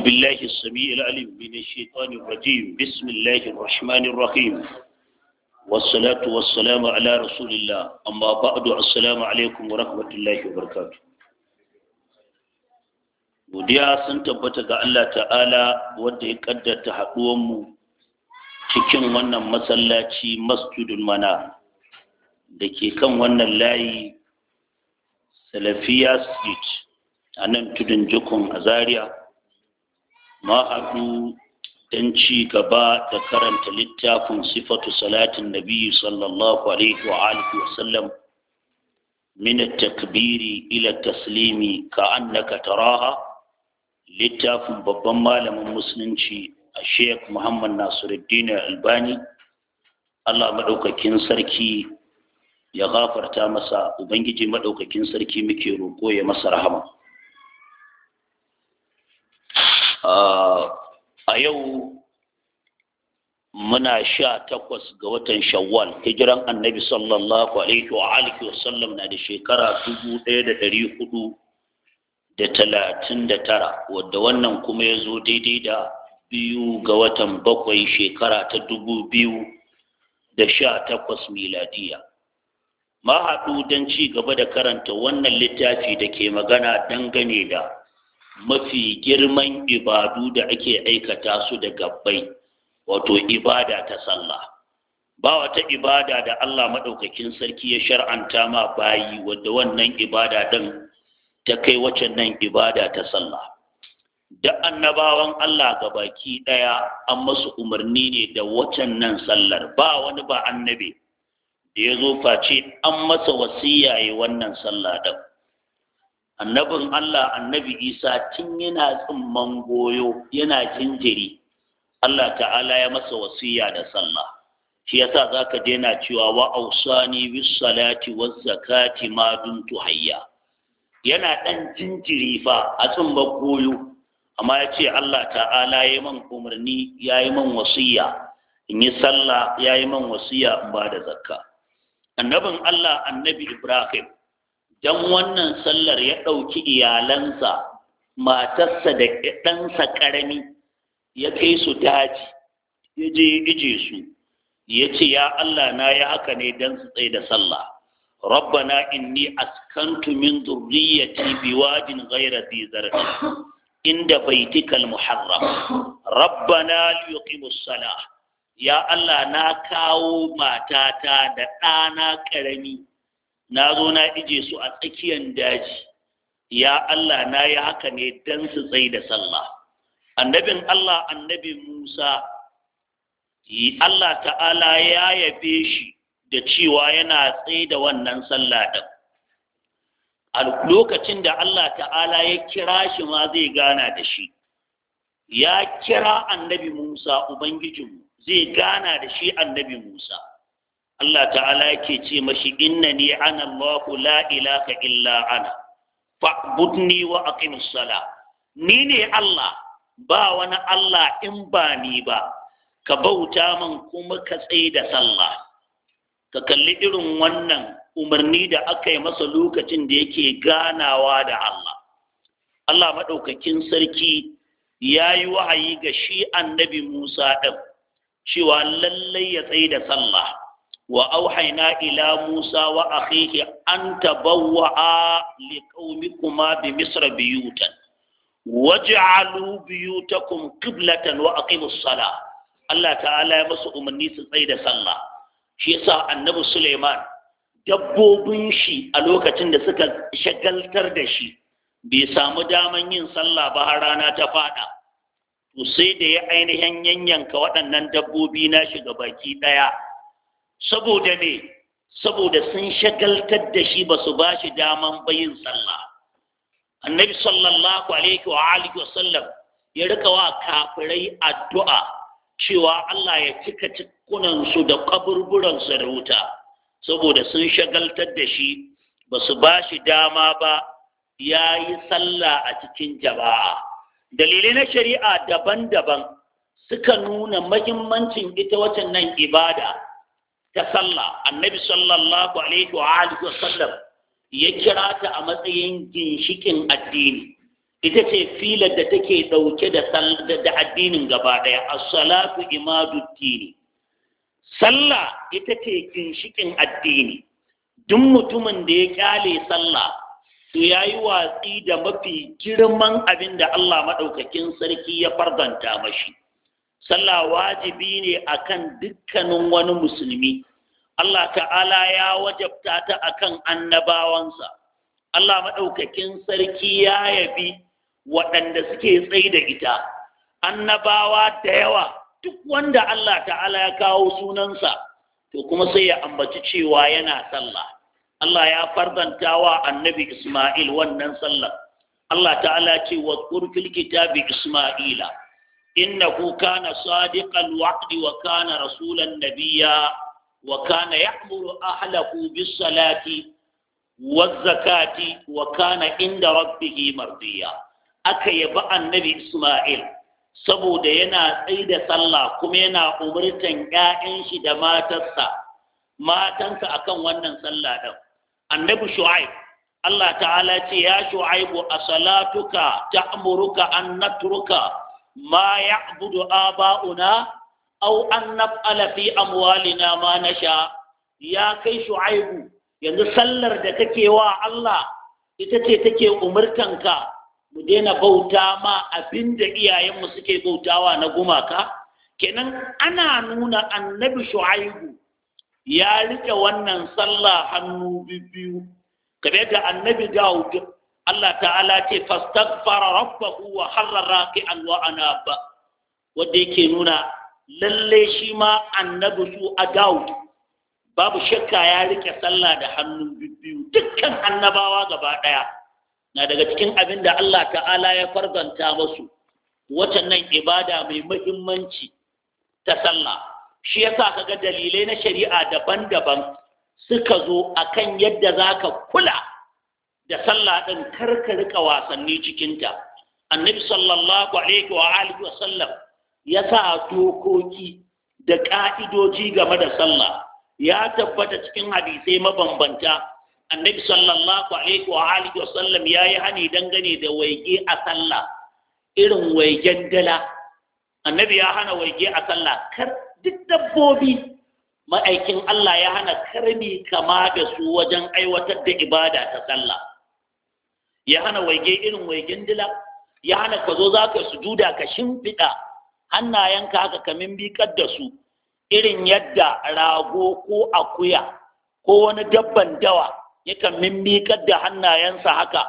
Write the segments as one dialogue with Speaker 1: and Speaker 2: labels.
Speaker 1: أعوذ بالله السميع العليم من الشيطان الرجيم بسم الله الرحمن الرحيم والصلاة والسلام على رسول الله أما بعد السلام عليكم ورحمة الله وبركاته godiya sun tabbata ga Allah ta'ala wanda ya kaddata haɗuwanmu cikin wannan masallaci masjidul mana da ke kan wannan layi salafiya street a nan tudun jikun a zaria ma'adu don ci gaba da karanta littafin sifatu salatin nabi sallallahu alaihi wa alihi wa sallam min takbiri ila taslimi ka annaka taraha littafin babban malamin musulunci a sheikh muhammad nasiruddin albani allah maɗaukakin sarki ya gafarta masa ubangiji maɗaukakin sarki muke roƙo ya masa rahama a yau muna sha takwas ga watan shawwal hijiran annabi sallallahu alaihi wa alihi wa sallam na da shekara dubu ɗaya da ɗari hudu da talatin da tara wadda wannan kuma ya zo daidai da biyu ga watan bakwai shekara ta dubu biyu da sha takwas miladiya ma haɗu don ci gaba da karanta wannan littafi da ke magana dangane da mafi girman ibadu da ake aikata su da gabbai wato ibada ta sallah ba wata ibada da Allah maɗaukakin sarki ya shar'anta ma bayi wadda wannan ibada dan ta kai waccan nan ibada ta sallah da annabawan Allah ga baki ɗaya an masu umarni ne da waccan nan sallar ba wani ba annabi da ya zo face an masa wasiyaye wannan sallah ɗin annabin Allah annabi Isa tun yana tsimman goyo yana jinjiri Allah ta'ala ya masa wasiya da sallah shi yasa zaka je na cewa wa ausani bis salati waz zakati ma dumtu hayya yana dan jinjiri fa a tsimman goyo amma ya ce Allah ta'ala ya yi man umarni ya yi man wasiya in yi sallah ya yi man wasiya in ba da zakka annabin Allah annabi Ibrahim dan wannan sallar ya ɗauki iyalansa matarsa da ɗansa ƙarami ya kai su daji ya je ije su ya ce ya Allah na ya haka ne dan su tsaye da sallah rabbana inni askantu min zurriyyati biwadin ghayra dhi zar'in inda baitikal muharram rabbana liyuqimus salah ya Allah na kawo matata da ɗana ƙarami na zo na ije su a tsakiyar daji ya Allah na yi haka ne don su tsaye da sallah annabin Allah annabi Musa Allah ta'ala ya yabe shi da cewa yana tsaye da wannan sallah ɗin a lokacin da Allah ta'ala ya kira shi ma zai gana da shi ya kira annabi Musa Ubangijinmu zai gana da shi annabi Musa Allah ta'ala yake ce mashi ni ana Allahu la ilaha illa ana fa'budni wa aqimus sala ni ne Allah ba wani Allah in ba ni ba ka bauta man kuma ka tsaye da sallah ka kalli irin wannan umarni da aka masa lokacin da yake ganawa da Allah Allah maɗaukakin sarki ya yi wahayi ga shi annabi Musa ɗin cewa lallai ya tsaye da sallah wa auhaina ila Musa wa akhihi an tabawwa'a liqaumikuma bi Misr biyutan waj'alu biyutakum qiblatan wa aqimus sala Allah ta'ala ya musu umarni su tsaye da sallah shi yasa annabi Suleiman dabbobin shi a lokacin da suka shagaltar da shi bai samu daman yin sallah ba har rana ta faɗa. to sai da ya ainihin yanyanka waɗannan dabbobi na shi ga baki ɗaya saboda me saboda sun shagaltar da shi ba su ba shi daman bayin sallah annabi sallallahu alaihi wa alihi wa sallam ya rika wa kafirai addu'a cewa Allah ya cika su da kaburburan da wuta saboda sun shagaltar da shi ba su ba shi dama ba ya yi sallah a cikin jama'a dalilai na shari'a daban-daban suka nuna mahimmancin ita wacan nan ibada ta sallah annabi sallallahu alaihi wa alihi wa sallam ya kira ta a matsayin ginshikin addini ita ce filar da take dauke da da addinin gaba daya as-salatu imaduddini sallah ita ce ginshikin addini duk mutumin da ya kyale sallah to yayi watsi da mafi girman abin da Allah madaukakin sarki ya farzanta mashi sallah wajibi ne akan dukkanin wani musulmi Allah ta'ala ya wajabta ta akan annabawansa Allah maɗaukakin sarki ya yabi waɗanda suke tsaye da ita annabawa da yawa duk wanda Allah ta'ala ya kawo sunansa to kuma sai ya ambaci cewa yana sallah Allah ya farzanta wa annabi Ismail wannan sallah Allah ta'ala ce wa kurfil kitabi Ismaila إنه كان صادق الوعد وكان رسولا نبيا وكان يأمر أهله بالصلاة والزكاة وكان عند ربه مرضيا aka yaba annabi Ismail saboda yana tsaida sallah kuma yana umurtan ƴaƴan shi da matarsa matansa akan wannan sallah din annabi Shu'aib Allah ta'ala ce ya Shu'aibu asalatuka ta'muruka an natruka ma ya'budu aba'una aw alafi naf'ala fi amwalina ma sha, ya kai shu'aibu yanzu sallar da kake wa Allah ita ce take umurtanka mu daina bauta ma abinda iyayenmu suke bautawa na gumaka kenan ana nuna annabi shu'aibu ya rike wannan sallah hannu biyu Kabe da annabi Dawud Allah ta'ala ce fastaghfara rabbahu wa harra raqi'an wa anaba wanda yake nuna lalle shi ma annabi su a dawo. babu shakka ya rike sallah da hannu biyu dukkan annabawa gaba ɗaya. na daga cikin abin da Allah ta'ala ya farzanta musu nan ibada mai muhimmanci ta sallah shi ka ga dalilai na shari'a daban-daban suka zo akan yadda za ka kula da sallah ɗin karkar rika wasanni cikinta annabi sallallahu alaihi wa alihi wa sallam ya sa dokoki da ƙa'idoji game da sallah ya tabbata cikin hadisai mabambanta annabi sallallahu alaihi wa alihi wa sallam ya yi hani dangane da waige a sallah irin waigen dala annabi ya hana waige a sallah kar duk dabbobi ma'aikin Allah ya hana karmi kama da su wajen aiwatar da ibada ta sallah ya hana waige irin waigen dila ya hana ka zo za ka sujuda ka shimfiɗa hannayenka haka kamin miƙar da su irin yadda rago ko akuya ko wani dabban dawa yakan mimmiƙar da hannayensa haka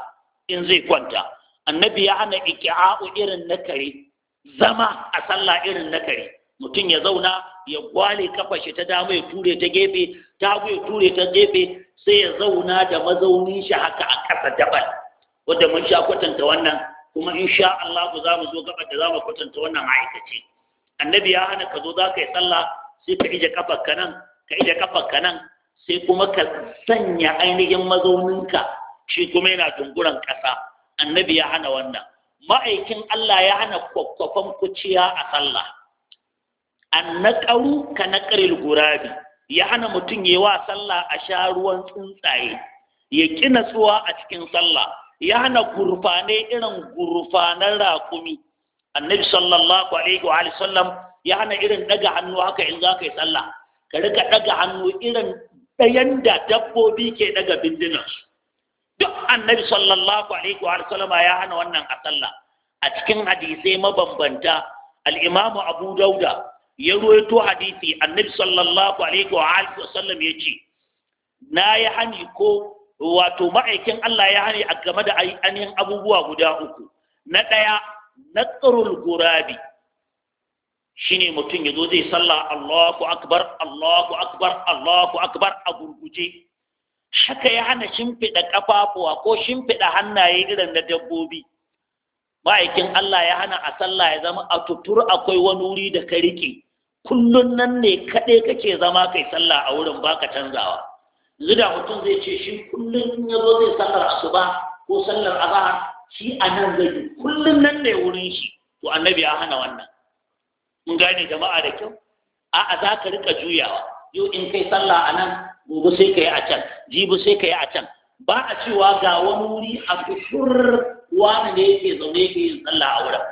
Speaker 1: in zai kwanta annabi ya hana iki'a'u irin na kare zama a sallah irin na kare mutum ya zauna ya gwale kafa shi ta dama ya ture ta gefe ta ya ture ta gefe sai ya zauna da mazaunin shi haka a ƙasa daban wadda mun sha kwatanta wannan kuma in sha Allah ku za mu zo gaba da za mu kwatanta wannan ma'aikaci. annabi ya hana ka zo za ka yi sallah sai ka ije kafar ka nan ka ije kafar ka nan sai kuma ka sanya ainihin mazauninka shi kuma yana dunguran ƙasa annabi ya hana wannan ma'aikin Allah ya hana kwakwafan kuciya a sallah an naƙaru ka naƙaril gurabi ya hana mutum yi wa sallah a sha ruwan tsuntsaye ya ƙi natsuwa a cikin sallah ya hana gurfane irin gurfanan raƙumi annabi sallallahu alaihi wa sallam ya hana irin daga hannu haka in za ka yi sallah ka rika daga hannu irin ɗayan da dabbobi ke daga su. duk annabi sallallahu alaihi wa sallama ya hana wannan a sallah a cikin hadisai mabambanta al-imamu abu dauda ya ruwaito hadisi annabi sallallahu alaihi wa sallam ya ce na yi hani ko wato ma'aikin Allah ya hani a game da ainihin abubuwa guda uku na ɗaya na tsarul gurabi Shi ne mutum ya zo zai sallah Allahu akbar Allahu akbar Allahu akbar a gurguje haka ya hana shimfiɗa ƙafafuwa ko shimfiɗa hannaye irin na dabbobi ma'aikin Allah ya hana a sallah ya zama a tutur akwai wani wuri da ka riƙe kullun nan ne kaɗai kake zama kai sallah a wurin baka canzawa
Speaker 2: yanzu da mutum
Speaker 1: zai ce shi kullum in ya zo zai sallar asuba ko sallar azahar shi a nan zai yi kullum nan ne wurin shi to annabi ya hana wannan mun gane jama'a da kyau a'a za ka rika juyawa yau in kai sallah a nan gobe sai ka yi a can jibi sai ka yi a can ba a cewa ga wani wuri a kusur wani ne yake zaune yake yin sallah a wurin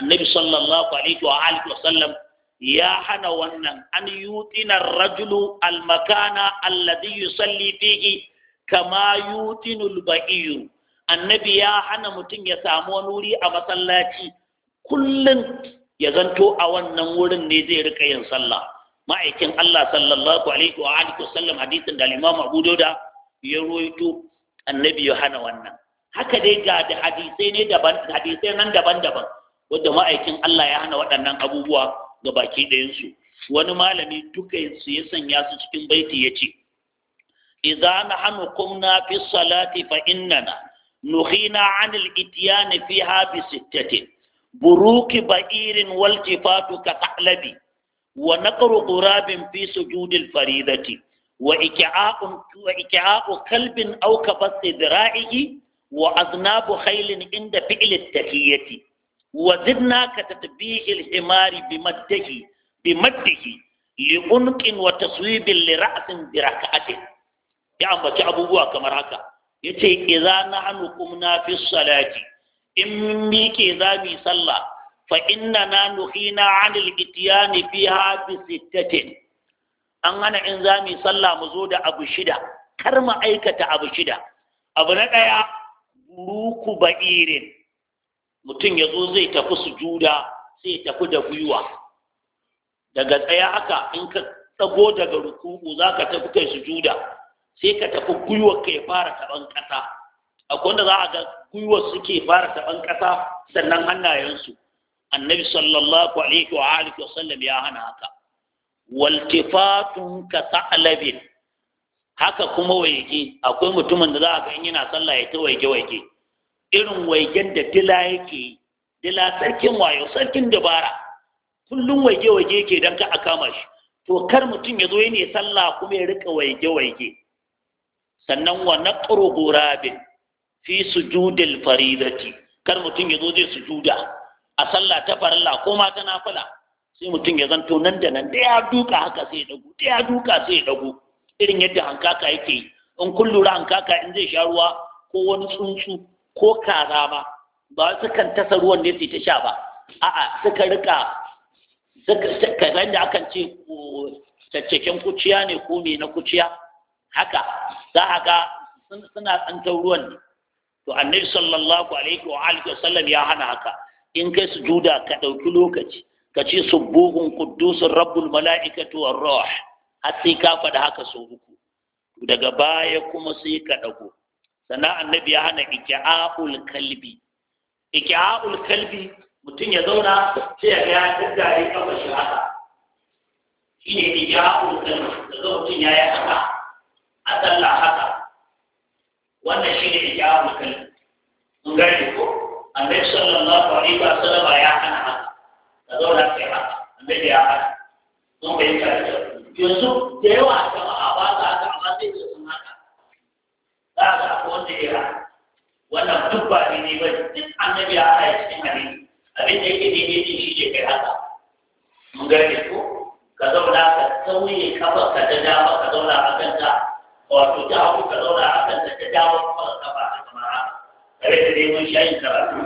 Speaker 1: annabi sallallahu alaihi wa alihi wa sallam ya hana wannan an yutina rajulu almakana alladhi yusalli fihi kama yutinu ba'iyu. annabi ya hana mutum ya samu wani wuri a masallaci kullum ya zanto a wannan wurin ne zai rika yin sallah ma'aikin Allah sallallahu alaihi wa alihi wasallam hadisin da Imam Abu Dawud ya ruwaito annabi ya hana wannan haka dai ga da hadisai ne daban hadisai nan daban-daban wanda ma'aikin Allah ya hana waɗannan abubuwa ga baki ɗayansu wani malami duka su ya sanya su cikin baiti ya ce idza nahnu kumna fi salati fa innana nuhina anil ityani fiha bi sittatin buruki ba'irin wal tifatu ka ta'labi wa naqru qurabin fi sujudil faridati wa ikya'u wa ikya'u kalbin aw kabas dira'ihi wa aznabu khailin inda fi'l at-tahiyyati وزدنا تتبيه الحمار بمده بمده لعنق وتصويب لرأس بركعة يا أم بتي أبو بوا كما رأك يتي إذا نحن قمنا في الصلاة إمي كذا بي صلى فإننا نخينا عن الإتيان فيها بستة an hana in za صلى مزود أبو mu كرم أيكة أبو shida أبو mu بروك abu mutum ya zo zai tafi sujuda sai ya tafi da gwiwa daga tsaya haka in ka tsago daga ruku'u za ka tafi kai sujuda sai ka tafi gwiwar ka ya fara taɓan ƙasa akwai wanda za a ga gwiwar suke fara taɓan ƙasa sannan hannayensu annabi sallallahu alaihi wa alihi wasallam ya hana haka waltifatun ka sa'alabin haka kuma waige akwai mutumin da za a ga in yana sallah ya ta waige waige irin waigen da dila yake yi dila sarkin wayo sarkin dabara kullum waige-waige yake don ka a kama shi to kar mutum ya zo ne sallah kuma ya rika waige-waige sannan wa naqru gurabin fi sujudil faridati kar mutum ya zo zai sujuda a sallah ta farilla ko ma ta nafila sai mutum ya zanto nan da nan da ya duka haka sai ya dagu da ya duka sai ya dagu irin yadda hankaka yake yi in kun lura hankaka in zai sha ruwa ko wani tsuntsu ko kaza ba ba sukan tasa ruwan ne su ta sha ba a'a suka rika kan da akan ce caccaken kuciya ne ko me na kuciya haka za a ga suna tsantar ruwan ne to annabi sallallahu alaihi wa alihi wasallam ya hana haka in kai su juda ka ɗauki lokaci ka ce subuhun quddusur rabbul mala'ikatu war ruh har sai ka faɗa haka so uku daga baya kuma sai ka dago sannan annabi ya hana ikya'ul kalbi ikya'ul kalbi mutum ya zauna sai ya ga ya kafa shi haka shi ne ikya'ul kalbi da zo mutum ya yi haka a tsalla haka wannan shi ne ikya'ul kalbi mun gani ko annabi sallallahu alaihi wa sallam ya hana haka da zauna sai haka annabi ya hana mun bayyana yanzu da yawa a za a ga ko wanda ya wannan duk ba ne ba duk annabi ya haya cikin hadisi abin da yake daidai din shi ke kai haka mun gane ko ka zauna ka sauye kafa ka da dama ka zauna a kanta wato ta hagu ka zauna a kanta ta dama kuma ka kafa a kamar haka kare da neman shayin karatu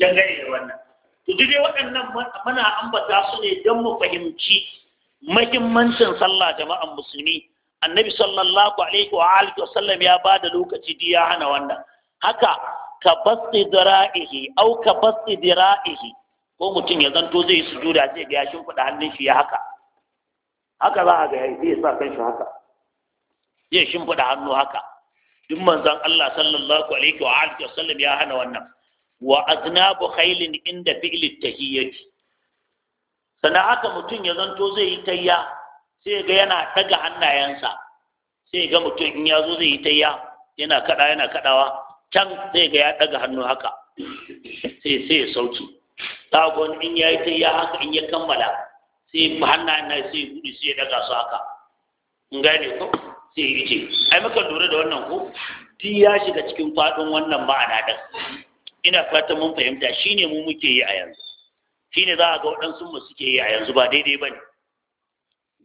Speaker 1: dangane da wannan to dai waɗannan mana ambata su ne don mu fahimci mahimmancin sallah jama'an musulmi annabi sallallahu alaihi wa alihi wa sallam ya bada lokaci ya hana wannan haka ka basti dira'ihi au ka basti dira'ihi ko mutum ya zanto zai yi sujuda zai ga ya shimfiɗa hannun shi ya haka haka za a ga ya zai sa kan shi haka zai shimfiɗa hannu haka duk manzon Allah sallallahu alaihi wa alihi wa sallam ya hana wannan wa aznabu khailin inda fi'l tahiyyati sana haka mutum ya zanto zai yi tayya sai ga yana daga hannayensa sai ga mutum in ya zo zai yi tayya yana kada yana kadawa can sai ga ya daga hannu haka sai sai ya sauki tagon in ya yi tayya haka in ya kammala sai ba hannayen na sai gudu sai ya daga su haka in gane ko sai ya ce ai muka lura da wannan ko ti ya shiga cikin fadin wannan ma'ana din ina fatan mun fahimta shine mu muke yi a yanzu shine za a ga waɗansu mu suke yi a yanzu ba daidai ba ne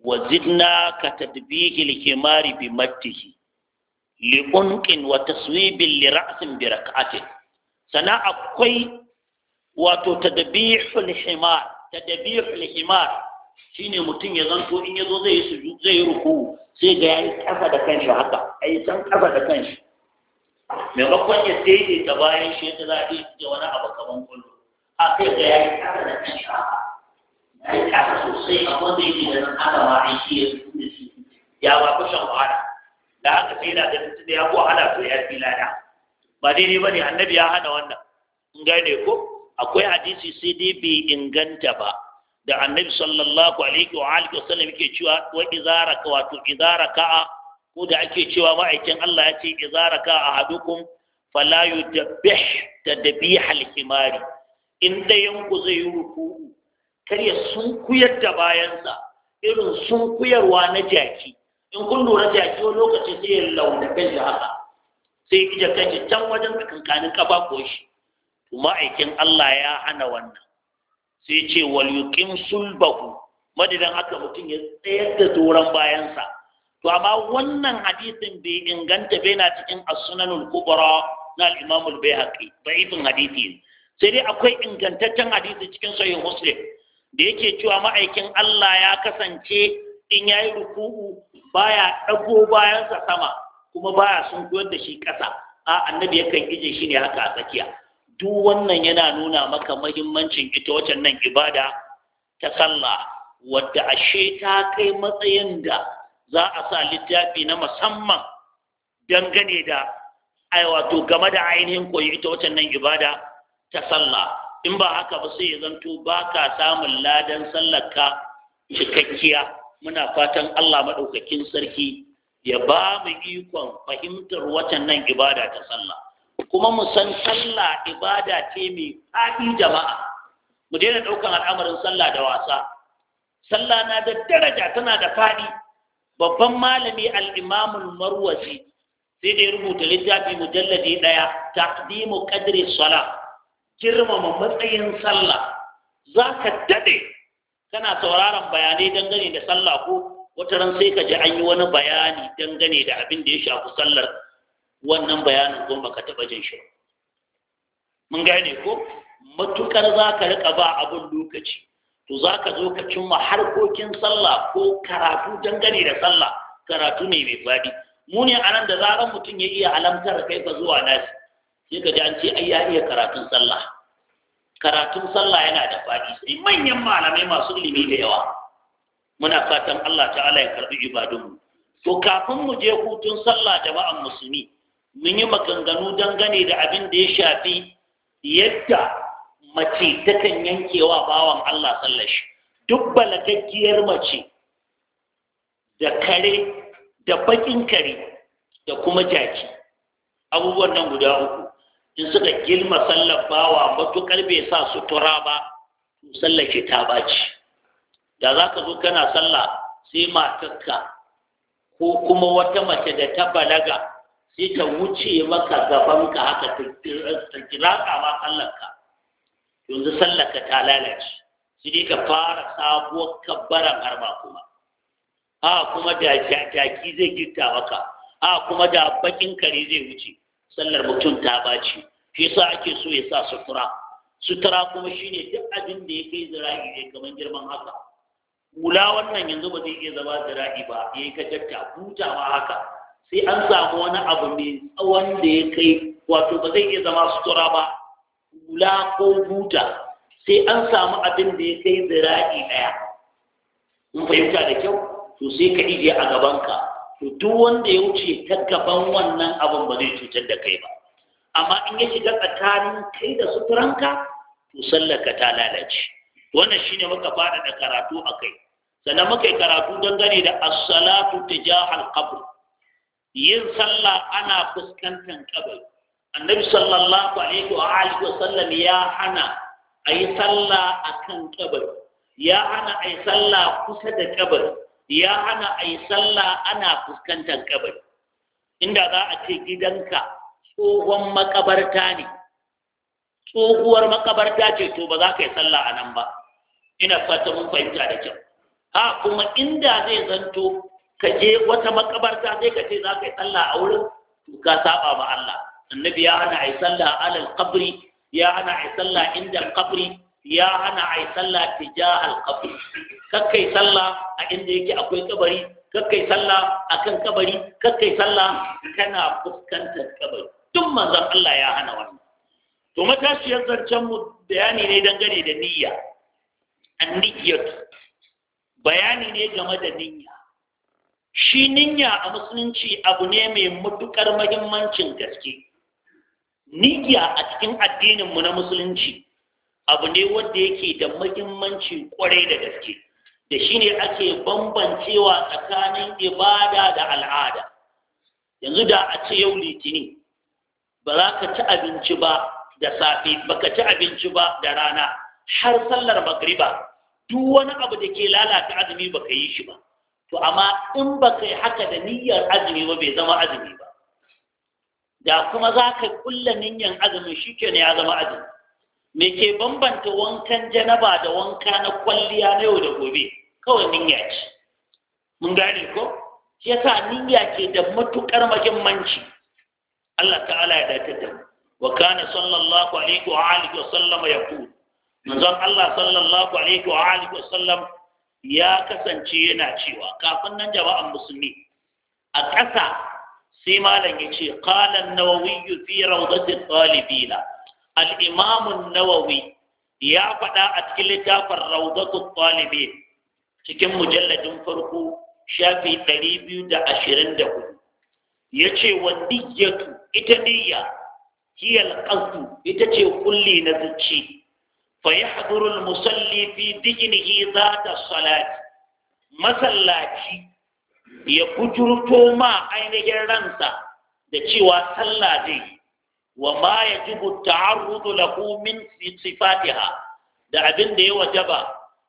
Speaker 1: وزدنا كتدبيغ الحمار بمده لعنق وتصويب لرأس بركعة سنا أقوي وتتدبيح الحمار تدبيح الحمار shine mutum ya zanto in ya zo zai yi zai yi ruku sai ga yayi kafa da kanshi haka ai san kafa da kanshi maimakon ya daidaita bayan shi ya za a da wani abu kaman kullu a sai ga yayi kafa da kanshi haka kai ka sosai a wanda yake da nan ana ma ai shi ya da shi ya ba ku shan wahala da haka sai da da mutum ya ko wahala to ya fi lada
Speaker 2: ba daidai ne annabi ya
Speaker 1: hana wannan in gane ko akwai hadisi sai dai bai inganta ba da annabi sallallahu alaihi wa alihi wasallam yake cewa wa izara ka wato izara ka ko da ake cewa ma'aikin Allah ya ce izara ka ahadukum fala yudabbih tadbih al-himari in dayan ku zai yi ruku'u Karya sun kuyar da bayansa irin sun kuyarwa na jaki in kun lura jaki wani lokaci sai ya launa kan shi haka sai ya kan shi can wajen tsakankanin ko shi ma'aikin Allah ya hana wannan sai ce wal yuqim sulbahu madidan haka mutum ya tsayar da doron bayansa to amma wannan hadisin bai inganta bai na cikin as-sunanul kubra na al-imam al-baihaqi da'ifin hadisi sai dai akwai ingantaccen hadisi cikin sahih muslim da yake cewa ma'aikin Allah ya kasance in ya yi ruku'u baya ɗago bayansa sama kuma baya sun da shi ƙasa a annabi yakan ije shi ne haka a tsakiya duk wannan yana nuna maka mahimmancin ita wacan nan ibada ta sallah wadda ashe ta kai matsayin da za a sa littafi na musamman dangane da ai wato game da ainihin koyi ita wacan nan ibada ta sallah in ba haka ba sai ya zanto ba ka samun ladan sallarka cikakkiya muna fatan Allah maɗaukakin sarki ya ba mu ikon fahimtar watan nan ibada ta sallah kuma mu san sallah ibada ce mai faɗi jama'a mu daina ɗaukan al'amarin sallah da wasa sallah na da daraja tana da faɗi babban malami al'imamun marwazi sai da ya rubuta littafi mujalladi ɗaya taqdimu qadri salah girmama matsayin sallah za ka daɗe kana sauraron bayanai dangane da sallah ko wata ran sai ka ji an yi wani bayani dangane da abin da ya shafi sallar wannan bayanin ko baka taɓa jin shi mun gane ko matukar za ka riƙa ba abin lokaci to za ka zo ka cimma harkokin sallah ko karatu dangane da sallah karatu ne mai faɗi mu ne a nan da zarar mutum ya iya alamtar kai ka zuwa nasi sai ka ji an ce ai ya iya karatun sallah karatun sallah yana da faɗi sai manyan malamai masu ilimi da yawa muna fatan Allah ta'ala ya karɓi mu to kafin mu je hutun sallah jama'an musulmi mun yi maganganu dangane da abin da ya shafi yadda mace takan yankewa bawan Allah sallar shi duk balagaggiyar mace da kare da bakin kare da kuma jaki abubuwan nan guda uku in suka girma sallar bawa matuƙar bai sa sutura ba to sallar ke ta baci da za ka zo kana sallah sai matarka ko kuma wata mace da ta balaga sai ta wuce maka gabanka haka ta ka ma sallarka yanzu sallarka ta lalace sai dai ka fara sabuwar kabbaran ma kuma a kuma da jaki zai girta maka a kuma da bakin kare zai wuce sallar mutum ta baci shi yasa ake so ya sa sutura sutura kuma shine duk abin da ya kai zira'i ne kamar girman haka mula wannan yanzu ba zai iya zama zira'i ba ya yi kajarta hutawa haka sai an samu wani abu mai tsawon da ya kai wato ba zai iya zama sutura ba hula ko buta sai an samu abin da ya kai zira'i ɗaya Mun fahimta da kyau to sai ka ije a gabanka to duk wanda ya wuce ta gaban wannan abin ba zai cutar da kai ba amma in ya shiga tsakanin kai da suturanka to sallaka ta lalace wannan shine muka fara da karatu a kai sannan muka yi karatu dangane da as-salatu tijahal qabr yin sallah ana fuskantar kabari annabi sallallahu alaihi wa alihi wa sallam ya hana ayi sallah akan kan kabari ya hana ayi sallah kusa da kabari ya hana a yi sallah ana fuskantar kabari inda za a ce gidanka tsohon makabarta ne tsohuwar makabarta ce to ba za ka yi sallah a nan ba ina fata mun fahimta da kyau ha kuma inda zai zanto ka je wata makabarta sai ka ce za ka yi sallah a wurin to ka saba ma Allah annabi ya hana a yi sallah alal qabri ya hana a yi sallah inda qabri ya hana a yi sallah ja qabr kakkai sallah a inda yake akwai kabari kakkai sallah akan kabari kakkai sallah kana fuskantar kabari duk manzan Allah ya hana wannan to matashiyar zancen mu bayani ne dangane da niyya anniyat bayani ne game da niyya shi niyya a musulunci abu ne mai matukar mahimmancin gaske niyya a cikin addininmu na musulunci abu ne wanda yake da muhimmanci kwarai da gaske da shi ne ake bambancewa tsakanin ibada da al'ada yanzu da a ce yau litini ba za ka ci abinci ba da safe ba ka ci abinci ba da rana har sallar magriba duk wani abu da ke lalata azumi ba ka yi shi ba to amma in ba ka yi haka da niyyar azumi ba bai zama azumi ba da kuma za ka kulla niyyar azumin shi ya zama azumi me ke bambanta wankan janaba da wanka na kwalliya na yau da gobe kawai niyya ce mun gane ko shi yasa niyya ke da matukar muhimmanci Allah ta'ala ya dace da wa kana sallallahu alaihi wa alihi wa sallam yaqul manzon Allah sallallahu alaihi wa alihi wa sallam ya kasance yana cewa kafin nan jama'an musulmi a ƙasa sai malam ya ce qala an-nawawi fi rawdati talibina al-imam nawawi ya faɗa a cikin littafin rawdatu talibin cikin mujalladin farko shafi ɗari biyu da ashirin da hudu ya ce wa niyyatu ita niyya hiyal ƙasu ita ce kulli na zuci fa ya hadurul musalli fi diginihi za ta salati masallaci ya bujurto ma ainihin ransa da cewa sallah wa ma yajibu ta'arrudu lahu min sifatiha da abin da ya wajaba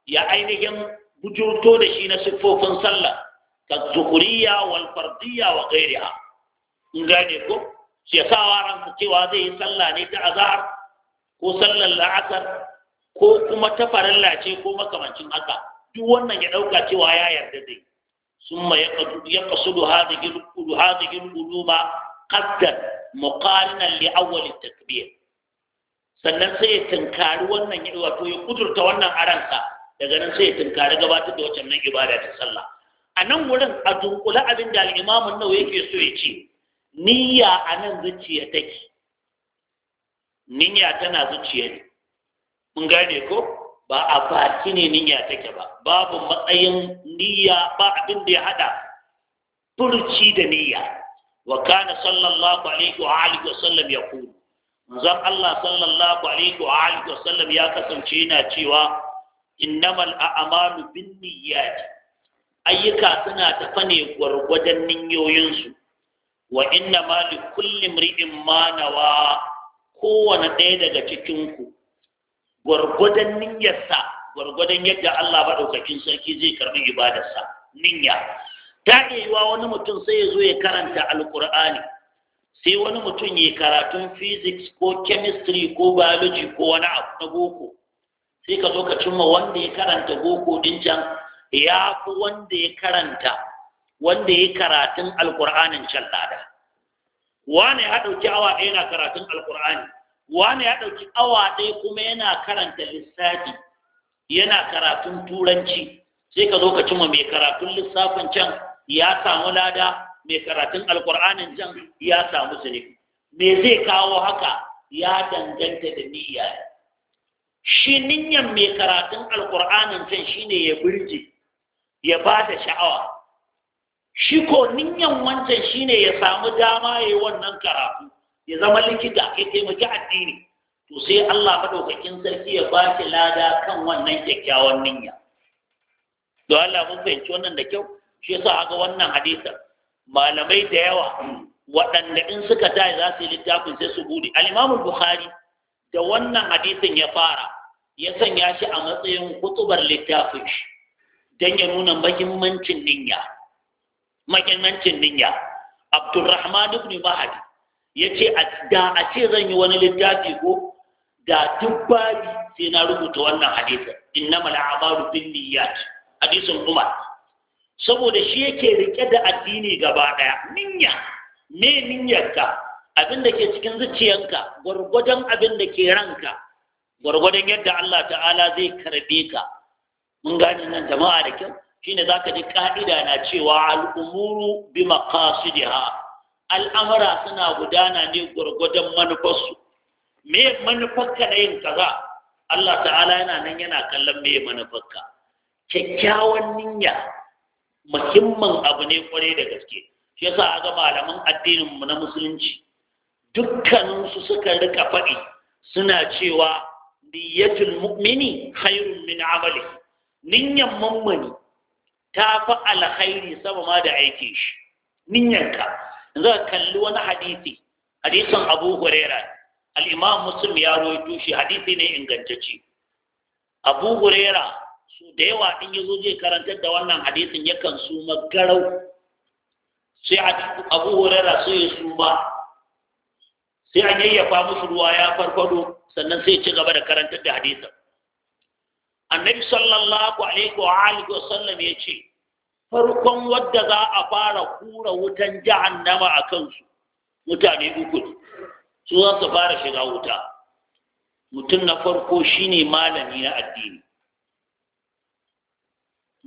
Speaker 1: ya ainihin bujurto da shi na siffofin sallah ka zuhuriya wal fardiyya wa ghairiha in gane ko shi ya sa ran cewa zai yi sallah ne ta azhar ko sallar la'asar ko kuma ta Farallace ko makamancin haka duk wannan ya dauka cewa ya yarda dai summa yaqsudu hadhihi al-quluma qaddan muqarinan li awwal takbir sannan sai ya tinkari wannan wato ya kudurta wannan aransa daga nan sai ya tunkari gabatar da wacce nan ibada ta sallah a nan wurin a dunkula abin da al'imamun nawa yake so ya ce niyya a nan zuciya take niyya tana zuciya ne mun gane ko ba a baki ne niyya take ba babu matsayin niyya ba abin da ya hada furci da niyya wa kana sallallahu alaihi wa alihi wa sallam yaqulu manzon Allah sallallahu alaihi wa alihi wa ya kasance yana cewa innamal a'malu binniyati ayyuka suna ta fane gwargwadon niyoyinsu wa inna ma li kulli mri'in ma nawa ɗaya daga cikin ku gwargwadon niyyarsa gwargwadon yadda Allah madaukakin sarki zai karbi ibadarsa niyya ta iya wani mutum sai ya zo ya karanta alkur'ani sai wani mutum ya karatun physics ko chemistry ko biology ko wani abu na boko sai ka zo ka cimma wanda ya karanta boko din can ya fi wanda ya karanta wanda ya karatun alkur'anin can lada wane ya ɗauki awa ɗaya na karatun alkur'ani wane ya ɗauki awa ɗaya kuma yana karanta lissafi yana karatun turanci sai ka zo ka cimma mai karatun lissafin can ya samu lada mai karatun alkur'anin can ya samu zuri me zai kawo haka ya danganta da niyya shi niyyan mai karatun alkur'anin can shine ya birji ya ba da sha'awa shi ko niyyan wancan shine ya samu dama ya yi wannan karatu ya zama likita ya taimaki addini to sai Allah madaukakin sarki ya ba lada kan wannan kyakkyawan niyya don Allah mun fahimci wannan da kyau shi yasa ga wannan hadisa malamai da yawa waɗanda in suka tayi za su yi littafin sai su gudi al'imamu buhari da wannan hadisin ya fara ya sanya shi a matsayin kutubar littafin shi don ya nuna mahimmancin niyya mahimmancin ninya Abdulrahman ibn Mahdi ce da a ce zan yi wani littafi ko da duk babi sai na rubuta wannan hadisin innamal a'malu Liyat hadisin Umar saboda shi yake rike da addini gaba ɗaya ninya me ka? abin da ke cikin zuciyarka gwargwadon abin da ke ranka gwargwadon yadda Allah ta'ala zai karbe ka mun gane nan jama'a da kyau shine zaka ji ka'ida na cewa al'umuru bi maqasidiha al'amara suna gudana ne gwargwadon manufarsu me manufarka na yin kaza Allah ta'ala yana nan yana kallon me manufarka kyakkyawan niyya Muhimman abu ne kwarai da gaske shi yasa a ga malaman addinin mu na musulunci dukkanin su suka rika faɗi suna cewa niyyatul mu'mini khairun min amali niyyan mummuni ta fi alkhairi sama ma da aike shi niyyanka za ka kalli wani hadisi hadisin Abu Hurairah al-Imam Muslim ya rawaito shi hadisi ne ingantacce Abu Hurairah so da yawa in yazo zai karantar da wannan hadisin yakan suma garau sai a abu hurairah sai ya suma sai a yayyafa musu ruwa ya farfado sannan sai ci gaba da karantar da hadisin annabi sallallahu alaihi wa alihi wa sallam ya ce farkon wadda za a fara kura wutan jahannama a kansu mutane uku su za su fara shiga wuta mutum na farko shine malami na addini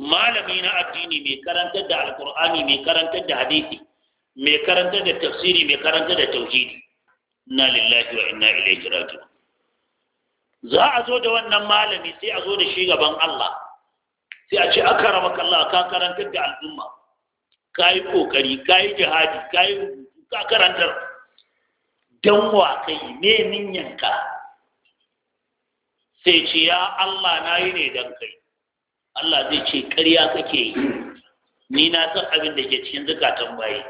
Speaker 1: malami na addini mai karantar da alkur'ani mai karantar da hadisi mai karantar da tafsiri mai karantar da tauhidi na lillahi wa inna ilaihi raji'un za a zo da wannan malami sai a zo da shi gaban Allah sai a ce akaramaka Allah ka karantar da al'umma kai kokari ka jihadi kai yi ka karantar dan wa kai ne yanka sai ce ya Allah na yi ne dan kai Allah zai ce ƙarya kake yi ni na san abin da ke cikin zukatan bayi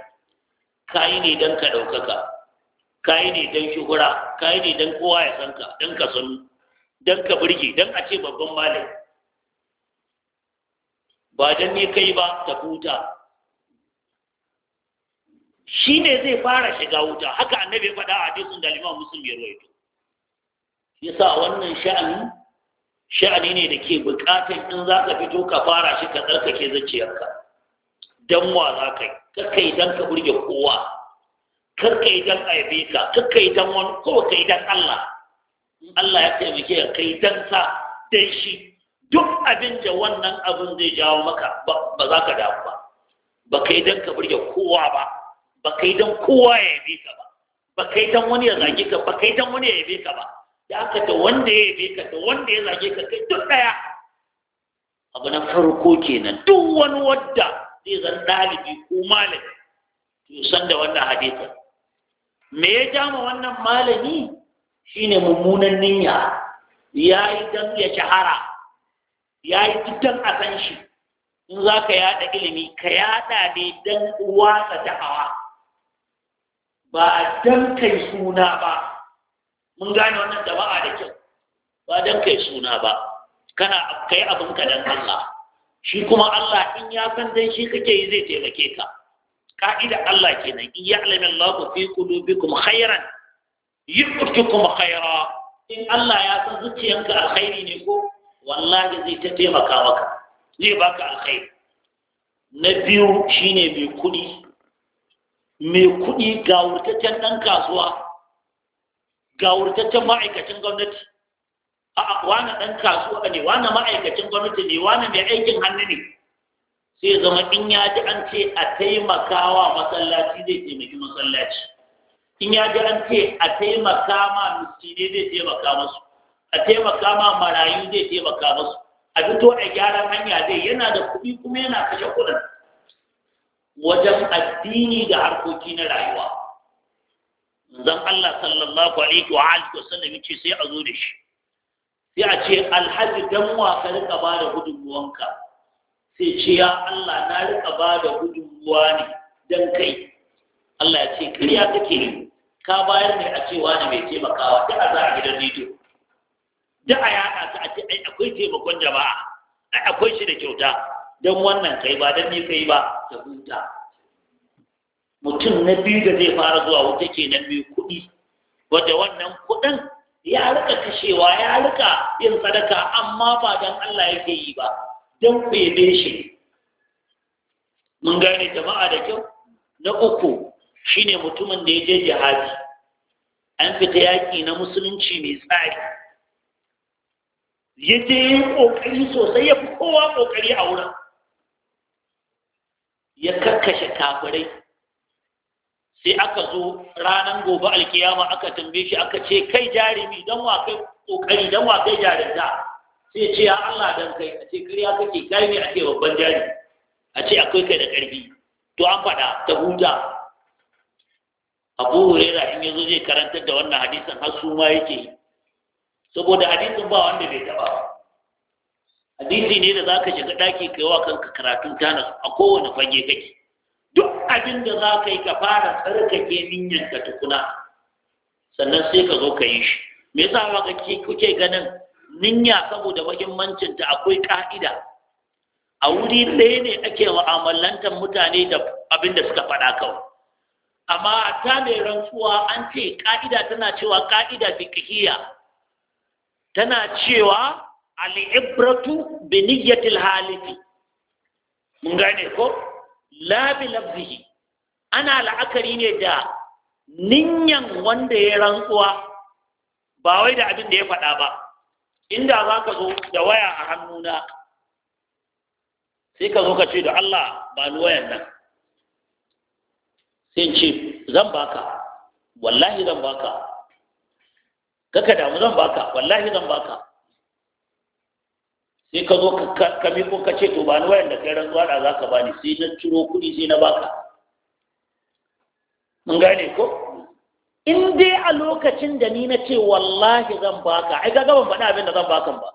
Speaker 1: kayi ne don ka ɗaukaka kayi ne don shuhura kayi ne don kowa ya san ka don ka sanu don ka burge don a ce babban malam ba don ne kai ba ta huta shi ne zai fara shiga wuta haka annabi ya faɗa a hadisin da liman musulmi ya rawaito yasa wannan sha'ani sha'ani ne da ke buƙatar in za ka fito ka fara shi ka tsarkake zuciyarka don wa za ka yi kakai don ka burge kowa kakai don aibe ka kakai don wani ko kai don Allah in Allah ya taimake ka kai don sa don shi duk abin da wannan abin zai jawo maka ba za ka damu ba ba kai don ka burge kowa ba ba kai don kowa ya yabe ka ba ba kai don wani ya zage ka ba kai don wani ya yabe ka ba da aka da wanda ya yabe ka da wanda ya zage ka kai duk ɗaya.
Speaker 2: abu na farko kenan
Speaker 1: duk wani wadda zai zan ɗalibi ko malami to san da wannan hadisa me ya ja ma wannan malami shine mummunan niyya ya yi dan ya shahara ya yi dan a san shi in za ka yaɗa ilimi ka yaɗa ne dan uwa ka ta da'awa ba dan kai suna ba mun gane wannan jama'a da kyau ba dan kai suna ba kana kai abin ka dan Allah shi kuma Allah in ya san dan shi kake yi zai taimake ka ka'ida Allah kenan in ya'lamu Allah fi qulubikum khairan yu'tikum khaira in Allah ya san zuciyanka alkhairi ne ko wallahi zai ta taimaka maka zai baka alkhairi na biyu shine mai kuɗi mai kuɗi ga wurtaccen ɗan kasuwa ga wurtaccen ma'aikacin gwamnati a wani ɗan kasuwa ne wani ma'aikacin gwamnati ne wani mai aikin hannu ne sai zama in ya ji an ce a taimakawa masallaci zai taimaki masallaci in ya ji an ce a taimaka ma miskinai zai taimaka masu a taimaka ma marayu zai taimaka masu a fito a gyaran hanya zai yana da kuɗi kuma yana kashe kuɗin wajen addini da harkoki na rayuwa zan Allah sallallahu alaihi wa alihi wasallam yace sai a zo da shi sai a ce alhaji dan wa ka rika ba da gudunmuwanka sai ce ya Allah na rika ba da gudunmuwa ne dan kai Allah ya ce kariya kake ne ka bayar ne a cewa ne mai taimakawa da a za a gidan rediyo Da a yaɗa ta a ce ai akwai taimakon jama'a ai akwai shi da kyauta don wannan kai ba don ni kai ba ta huta mutum na biyu da zai fara zuwa wuta kenan mai kuɗi wadda wannan kuɗin ya rika kashewa ya rika yin sadaka amma ba don Allah yake yi ba don kwebe shi mun gane jama'a da kyau na uku shine mutumin da ya je jihadi an fita yaƙi na musulunci mai tsari ya je yi ƙoƙari sosai ya fi kowa ƙoƙari a wurin ya karkashe kafirai sai aka zo ranar gobe alkiyama aka tambaye shi aka ce kai jarumi don wa kai kokari don wa kai jarumta sai ce ya Allah dan kai a ce kariya kake kai ne a ce babban jari a ce akwai kai da karfi to an faɗa ta huta abu hurera in yazo zai karantar da wannan hadisin har su ma yake saboda hadisin ba wanda bai taba hadisi ne da zaka shiga daki kai wa kanka karatun tana a kowane fage kake duk abin da za ka yi ka fara tsarkake niyyar ka tukuna sannan sai ka zo ka yi shi me yasa ma kake kuke ganin niyya saboda muhimmancin ta akwai ka'ida a wuri ɗaya ne ake mu'amalantar mutane da abin da suka faɗa kawai amma ta mai rantsuwa an ce ka'ida tana cewa ka'ida fiqhiyya tana cewa al-ibratu bi niyyatil halifi mun gane ko la bi lafzihi ana la'akari ne da ninyan wanda ya rantsuwa ba wai da abin da ya faɗa ba inda za ka zo da waya a hannuna sai ka zo ka ce da Allah ba ni wayan nan sai ce zan baka wallahi zan baka kaka damu zan baka wallahi zan baka sai ka zo ka miko ka ce to ba ni wayan da kai rantsuwa da za ka ba ni sai na ciro kuɗi sai na baka mun gane ko in dai a lokacin da ni na ce wallahi zan baka ai ga gaban faɗa abin da zan bakan ba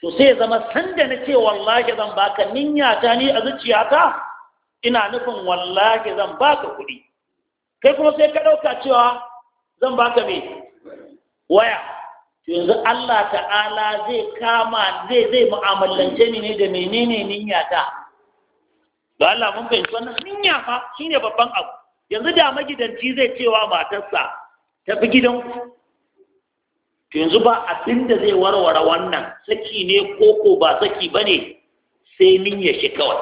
Speaker 1: to sai zama sanda na ce wallahi zan baka ninyata ta ni a zuciyata ina nufin wallahi zan baka kuɗi kai kuma sai ka ɗauka cewa zan baka me waya yanzu Allah ta'ala zai kama zai zai mu'amalance ni ne da menene niyya ta da Allah mun fahimci wannan niyya fa shine babban abu yanzu da magidanci zai cewa matarsa tafi gidan to yanzu ba abin da zai warware wannan saki ne koko ba saki bane sai niyya shi kawai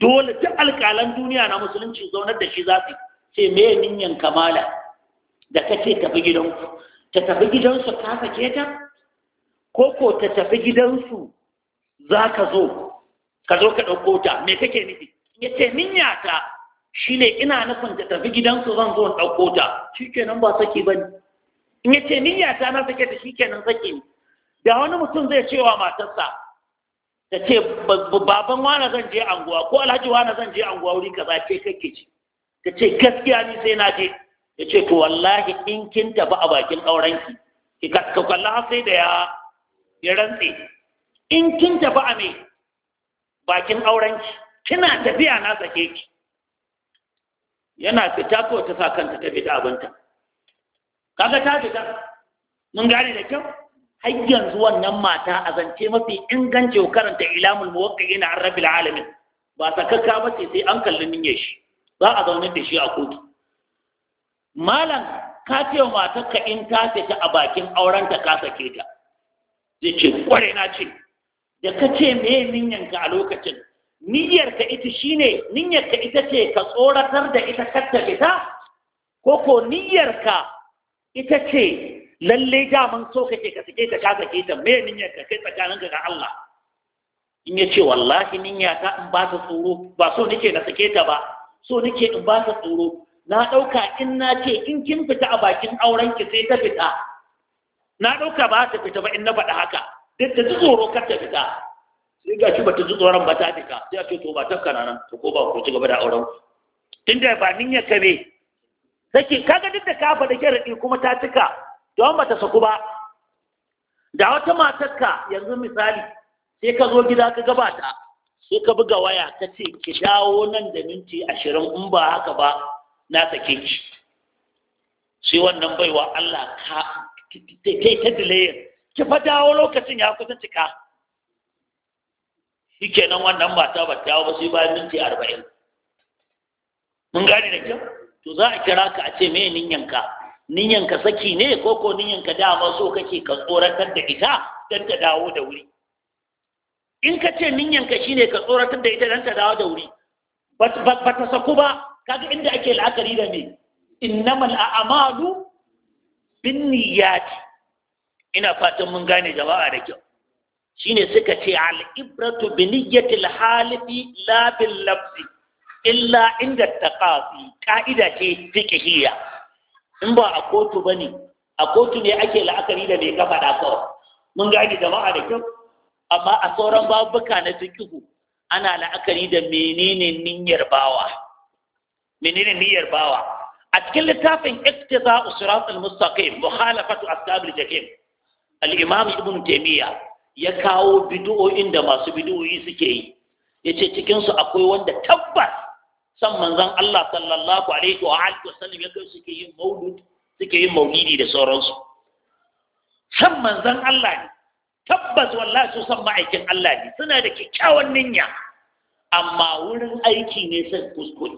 Speaker 1: dole ta alƙalan duniya na musulunci zaunar da shi za su ce me niyyan kamala da kace tafi gidanku ta tafi gidansu ka sake ta ko ko ta tafi gidansu za ka zo ka zo ka ɗauko ta me kake nufi ya ce min ya ta ne ina nufin ta tafi gidansu zan zo in ɗauko ta shikenan ba saki ba ne in ya ce ya ta na sake ta shikenan saki ne da wani mutum zai cewa matarsa ta ce baban wana zan je anguwa ko alhaji wana zan je anguwa wuri kaza ce kake ci ta ce gaskiya ni sai na je ya ce to wallahi in kin tafi a bakin aurenki ki kalla sai da ya ya rantse in kin tafi a me bakin aurenki kina tafiya na sake ki yana fita ko ta sa kanta ta fita abinta kaga ta fita mun gane da kyau har yanzu wannan mata a zance mafi inganci karanta ilamul muwaqqi'in na rabbil alamin ba sakakka ba ce sai an kalli niyyar shi za a zaune da shi a kotu malam ka ce wa matarka in ta ce ta a bakin aurenta ka sake ta zai ce kware na ce da ka ce me ka a lokacin Niyyar ka ita shine ka ita ce ka tsoratar da ita katta ita ko ko niyyar ka ita ce lalle daman so kake ka sake ta ka sake ta me ka kai tsakaninka ga Allah in ya ce wallahi niyyata in ba ta tsoro ba so nake na sake ta ba so nake in ba ta tsoro na ɗauka in na ce in kin fita a bakin aurenki sai ta fita na ɗauka ba ta fita ba in na faɗa haka duk ta tsoro kar ta fita sai ga shi ba ta ji tsoron ba ta fita sai a ce to ba ta kana nan to ko ba ku ci gaba da auren tunda ba niyyar ka ne take kaga duk da ka faɗa sharaɗi kuma ta cika don ba ta saku ba da wata matar ka yanzu misali sai ka zo gida ka gabata sai ka buga waya ka ce ki dawo nan da minti ashirin in ba haka ba na sake ki sai wannan baiwa Allah ka kai ta delay ki fa dawo lokacin ya kusa cika shikenan wannan mata ba ta dawo ba sai bayan minti arba'in mun gane da kyau to za a kira ka a ce me ninyanka ka saki ne ko ko da dama so kake ka tsoratar da ita dan ta dawo da wuri in ka ce ninyanka shine ka tsoratar da ita dan ta dawo da wuri ba ta saku ba kaga inda ake la'akari da me innamal a'malu binniyat ina fatan mun gane jama'a da kyau shine suka ce al ibratu biniyyatil halifi la bil lafzi illa inda taqafi ka'ida ce fiqhiyya in ba a kotu bane a kotu ne ake la'akari da me ka faɗa kawai mun gane jama'a da kyau amma a sauran babuka na fiqhu ana la'akari da menene niyyar bawa menene niyyar bawa a cikin littafin iktiza'u siratul mustaqim mukhalafatu ashabil jahim al-imam ibn taymiya ya kawo bid'o'in da masu bid'o'i suke yi yace cikin su akwai wanda tabbas san manzon Allah sallallahu alaihi wa alihi wasallam ya kai suke yin maulud suke yin maulidi da sauransu san manzon Allah ne tabbas wallahi su san ma'aikin Allah ne suna da kyakkyawan niyya amma wurin aiki ne sun kuskure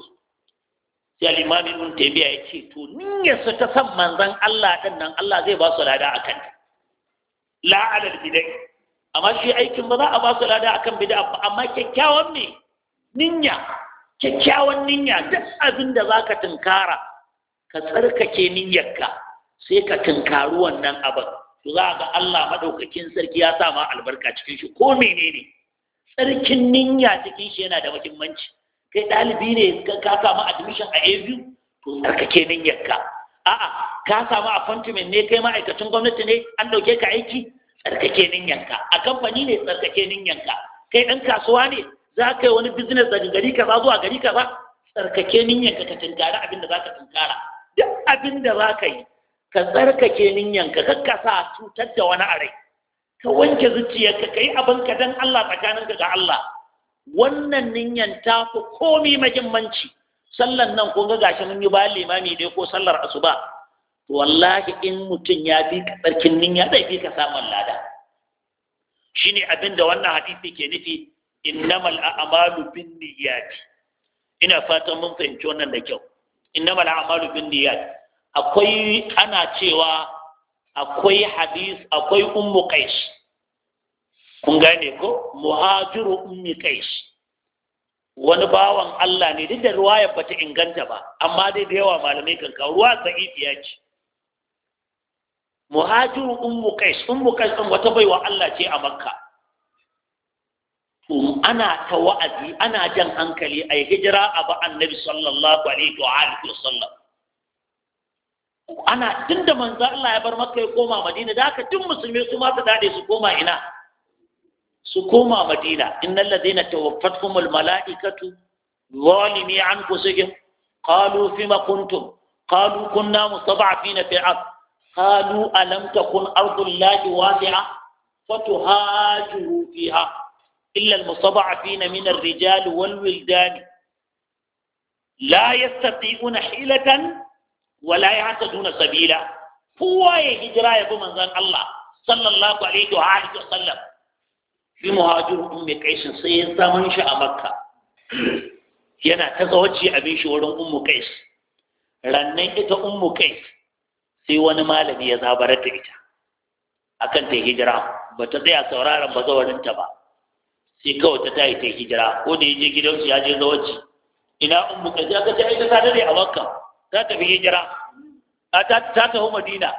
Speaker 1: sai alimami imam ibn ya ce to niyyarsa ta san manzon Allah din nan Allah zai ba su lada akan ta la alal bidai amma shi aikin ba za a ba su lada akan bid'a ba amma kyakkyawan ne niyya kyakkyawan niyya duk abin da zaka tunkara ka tsarkake ninyarka sai ka tunkaru wannan abin to za ga Allah maɗaukakin sarki ya sa ma albarka cikin shi ko menene tsarkin niyya cikin shi yana da muhimmanci kai ɗalibi ne ka samu admission a abu to tsarkake niyyarka a'a ka samu appointment ne kai ma'aikacin gwamnati ne an ɗauke ka aiki tsarkake niyyarka a kamfani ne tsarkake niyyarka kai ɗan kasuwa ne za ka yi wani business daga gari ba zuwa gari ba tsarkake yanka ka tunkari abin da za ka tunkara duk abin za ka yi ka tsarkake niyyarka kar ka sa cutar da wani a rai ka wanke zuciyarka ka yi abin ka dan Allah tsakaninka ga Allah wannan ninyan ta fi komi mahimmanci sallan nan ko ga gashi mun yi bayan limami dai ko sallar asuba to wallahi in mutum ya bi ka tsarkin ninya zai fi ka samun lada shine abin da wannan hadisi ke nufi innamal a'malu bin niyyati ina fatan mun fahimci wannan da kyau innamal a'malu bin niyyati akwai ana cewa akwai hadis akwai ummu qais kun gane ko muhajiru ummi kais wani bawan Allah ne duk da ruwayar bata inganta ba amma dai da yawa malamai kan kawo ruwa ya ce muhajiru ummu kais ummu kais din wata baiwa Allah ce a makka um, ana ta wa'azi ana jan hankali ai hijira a ba annabi sallallahu alaihi wa alihi wasallam ana tunda manzo Allah ya bar makka ya koma madina da haka tun musulmi su ma su dade su koma ina سكوما مدينة إن الذين توفتهم الملائكة ظالمي أنفسهم قالوا فيما كنتم قالوا كنا مستضعفين في الأرض قالوا ألم تكن أرض الله واسعة فتهاجروا فيها إلا المستضعفين من الرجال والولدان لا يستطيعون حيلة ولا يعتدون سبيلا هو هجرة يا من الله صلى الله عليه وآله وسلم shi muhajir ummi kaisin sai ya zaman shi a makka yana ta zawaci abin shi wurin Umu kais rannan ita Umu kais sai wani malami ya zabar da ita akan ta hijira ba ta tsaya sauraron bazawarinta ba sai kawai ta tayi ta hijira ko da ya je gidansu ya je zawaci ina Umu kais aka ce ita ta dare a makka ta tafi hijira ta tafi madina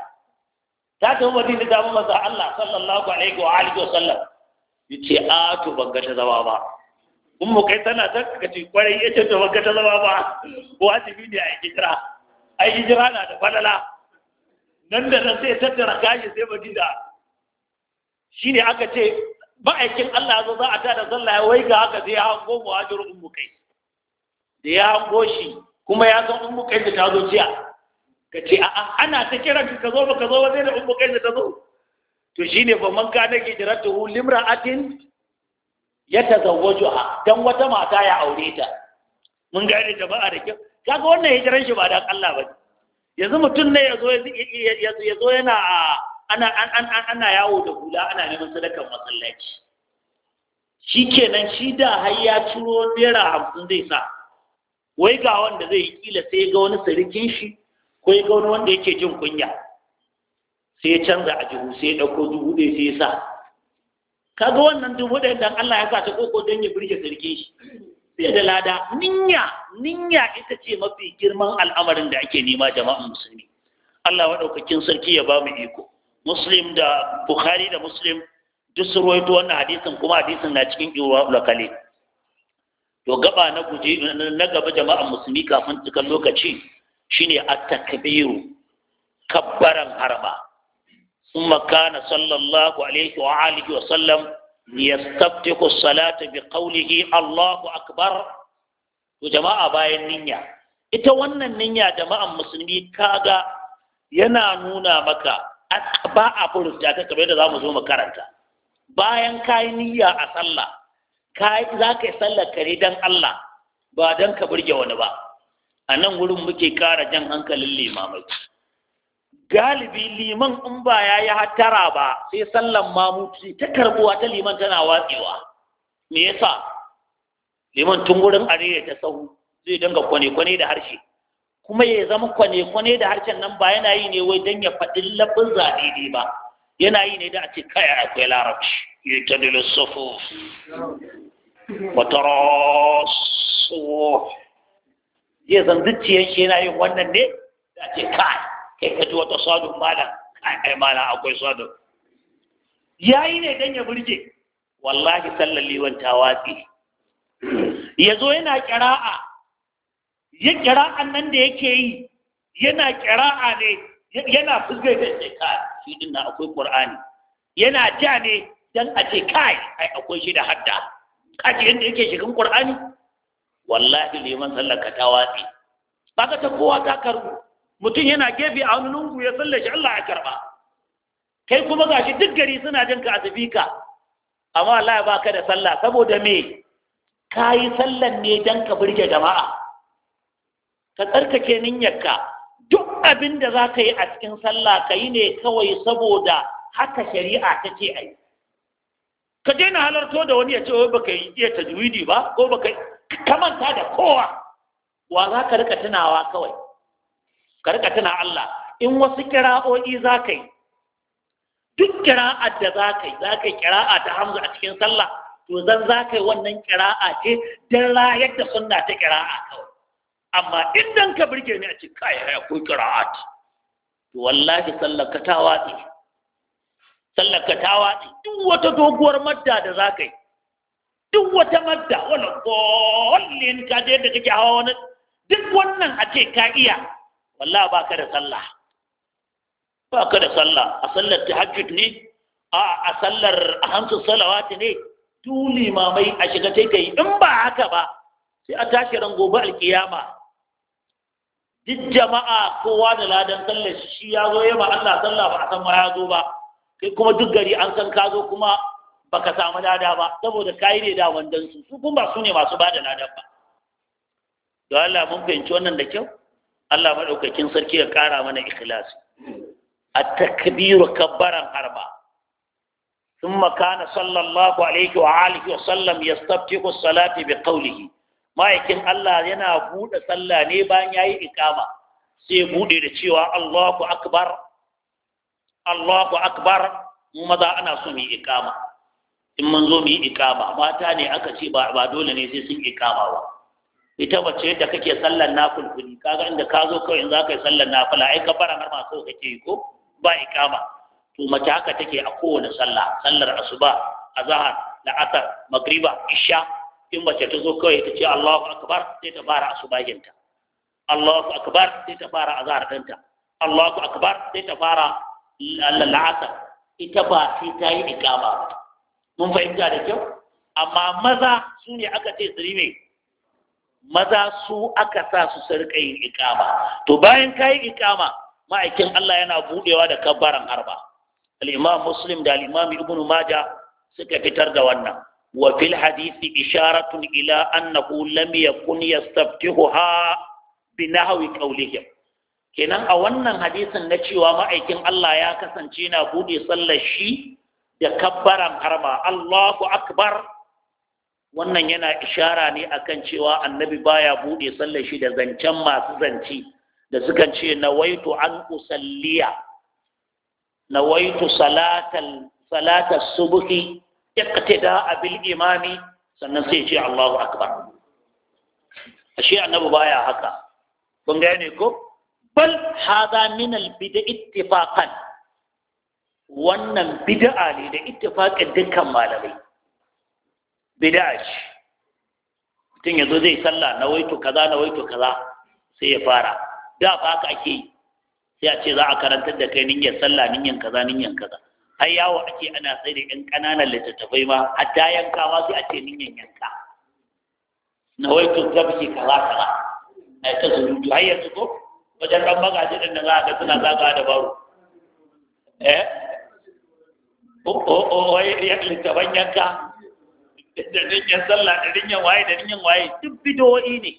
Speaker 1: ta tafi madina ta bi masa Allah sallallahu alaihi wa alihi wa sallam yace a to banga ta zama ba in mu kai tana ta ka ce kwarai yace to banga ta zama ba wajibi ne a hijira ai hijira na da falala nan da nan sai tattara gashi sai madina shine aka ce ma'aikin Allah zo za a da sallah ya wai ga haka sai ya hango muhajiru ummu kai da ya hango shi kuma ya san ummu kai da ta zo jiya ka ce a'a ana ta kiran ka zo ba ka zo ba sai da ummu kai da ta zo to shine fa man kana hijratuhu limra'atin yatazawwajuha dan wata mata ya aure ta mun gane jama'a da kyau kaga wannan hijiran shi ba dan Allah ba yanzu mutum ne yazo yazo yana ana ana yawo da hula ana neman sadakar masallaci shikenan shi da har ya ciro naira hamsin zai sa wai ga wanda zai yi kila sai ga wani sarikin shi ko ya ga wani wanda yake jin kunya sai canza a jihu sai ɗauko dubu ɗaya sai ya sa kaga wannan dubu ɗaya dan Allah ya sa ta koko don ya birge sarki shi sai da lada ninya ninya ita ce mafi girman al'amarin da ake nema jama'an musulmi Allah ɗaukakin sarki ya ba mu iko muslim da bukhari da muslim duk sun rawaito wannan hadisin kuma hadisin na cikin iwa lokale to gaba na guje na gaba jama'an musulmi kafin cikin lokaci shine at-takbiru kabbaran harba ثم كان صلى الله عليه وآله وسلم يستفتح الصلاة بقوله الله أكبر وجماعة باين نية ita wannan niyya jama'an musulmi kaga yana nuna maka ba a furta ta kamar yadda zamu zo mu karanta bayan kayi niyya a sallah za ka yi sallar kare don Allah ba dan ka burge wani ba a nan wurin muke kara jan hankalin limamai galibi liman in ba ya yi hatara ba sai sallan mamuci ta karbuwa ta liman tana watsewa me yasa
Speaker 2: liman tun gurin
Speaker 1: arewa ta sahu zai dinga kwane-kwane da harshe kuma ya zama kwane-kwane da harshen nan ba yana yi ne wai don ya faɗi lafin zaɗe ba yana yi ne da a ce kaya akwai larabci yi ta dilin sufo wata rasu ya zanzu ciyar shi yana yin wannan ne da a ce kai kai ka ji wata sadun malam ai malam akwai sadun yayi ne dan ya burge wallahi sallar liwan tawatsi ya zo yana kira'a ya kira'an nan da yake yi yana kira'a ne yana fuskai da ce ka shi din na akwai qur'ani yana ja ne dan a ce kai ai akwai shi da hadda
Speaker 2: kaji yanda yake
Speaker 1: shigan qur'ani wallahi liman sallar ka tawatsi baka ta kowa ta karbu mutum yana gefe a wani lungu ya tsalle shi Allah ya karba kai kuma shi duk gari suna jin ka azubi ka amma Allah ya baka da sallah saboda me ka yi ne dan ka burge jama'a ka tsarkake ninyarka duk abin da za ka yi a cikin sallah ka yi ne kawai saboda haka shari'a ta ce a yi ka daina halarto da wani ya ce wai baka yi iya tajwidi ba ko baka kamanta da kowa wa za ka rika tunawa kawai karka tana Allah in wasu kira'o'i za ka yi duk kira'a da za ka yi za ka yi kira'a ta hamza a cikin sallah to zan za ka yi wannan kira'a ce don rayar da sunna ta kira'a kawai amma idan ka birge ni a cikin kayan haya ko kira'a to wallahi sallar ka ta watsi sallar ka duk wata doguwar madda da za ka yi duk wata madda wala kollin ka je da kake hawa wani duk wannan a ce ka iya wallah ba ka da sallah ba ka da sallah a sallar tahajjud ne a a sallar hamsu salawati ne tu limamai a shiga ta yi in ba haka ba sai a tashi ran gobe alkiyama duk jama'a kowa da ladan sallar shi ya zo yaba Allah sallah ba a san ma ya zo ba kai kuma duk gari an san ka zo kuma baka samu lada ba saboda kai ne da wandan su su kuma su ne masu bada ladan ba don Allah mun fahimci wannan da kyau Allah maɗaukakin sarki ya ƙara mana ikhlasi a takbiru kabbaran harba sun makana sallallahu alaihi wa alihi wa sallam ya stafce ku salati bi ma'aikin Allah yana buɗe sallah ne bayan yayi ikama sai buɗe da cewa Allahu akbar Allahu mu maza ana so mu ikama in mun zo yi ikama mata ne aka ce ba dole ne sai sun ikama ba ita wacce yadda kake sallar kuni kaga inda ka zo kawai in za yi sallar nafula ai ka fara har masu kake yi ko ba ikama to mace haka take a kowane sallah sallar asuba azhar la'asar magriba isha in mace ta zo kawai ta ce Allahu akbar sai ta fara ginta Allahu akbar sai ta fara azhar ɗinta Allahu akbar sai ta fara la'asar ita ba sai ta yi ikama mun fahimta da kyau amma maza su ne aka ce su maza su aka sa su sarƙa yin ikama to bayan kayi ikama ma'aikin Allah yana buɗewa da kabbaran arba. al-imam muslim da al-imam ibnu maja suka fitar da wannan wa fil hadisi isharatun ila annahu lam yakun yastaftihuha bi nahwi qawlihim kenan a wannan hadisin na cewa ma'aikin Allah ya kasance na buɗe sallar shi da kabbaran harba Allahu akbar wannan yana ishara ne akan cewa annabi baya bude sallar shi da zancen masu zanci da sukan ce nawaitu an usalliya nawaitu salatal salatal subhi iqtida bil imami sannan sai ce Allahu akbar ashe annabi baya haka kun gane ko bal hada min al bid'a ittifaqan wannan bid'a ne da ittifaqin dukkan malamai bid'a ce mutum ya zo zai sallah na waito kaza na waito kaza sai ya fara da ba ka ake yi sai a ce za a karantar da kai niyyar sallah niyyar kaza niyyar kaza har yawo ake ana sai da yan ƙananan littattafai ma hatta yanka ma sai a ce niyyar yanka na waito ta fi kaza kaza ai ta surutu har yanzu ko wajen ɗan magaji ɗin da za a ga suna zaga da baro eh o oh, o oh, o oh, ya littafan yanka da niyyar sallah da niyyar waye da niyyar waye duk bidoyi ne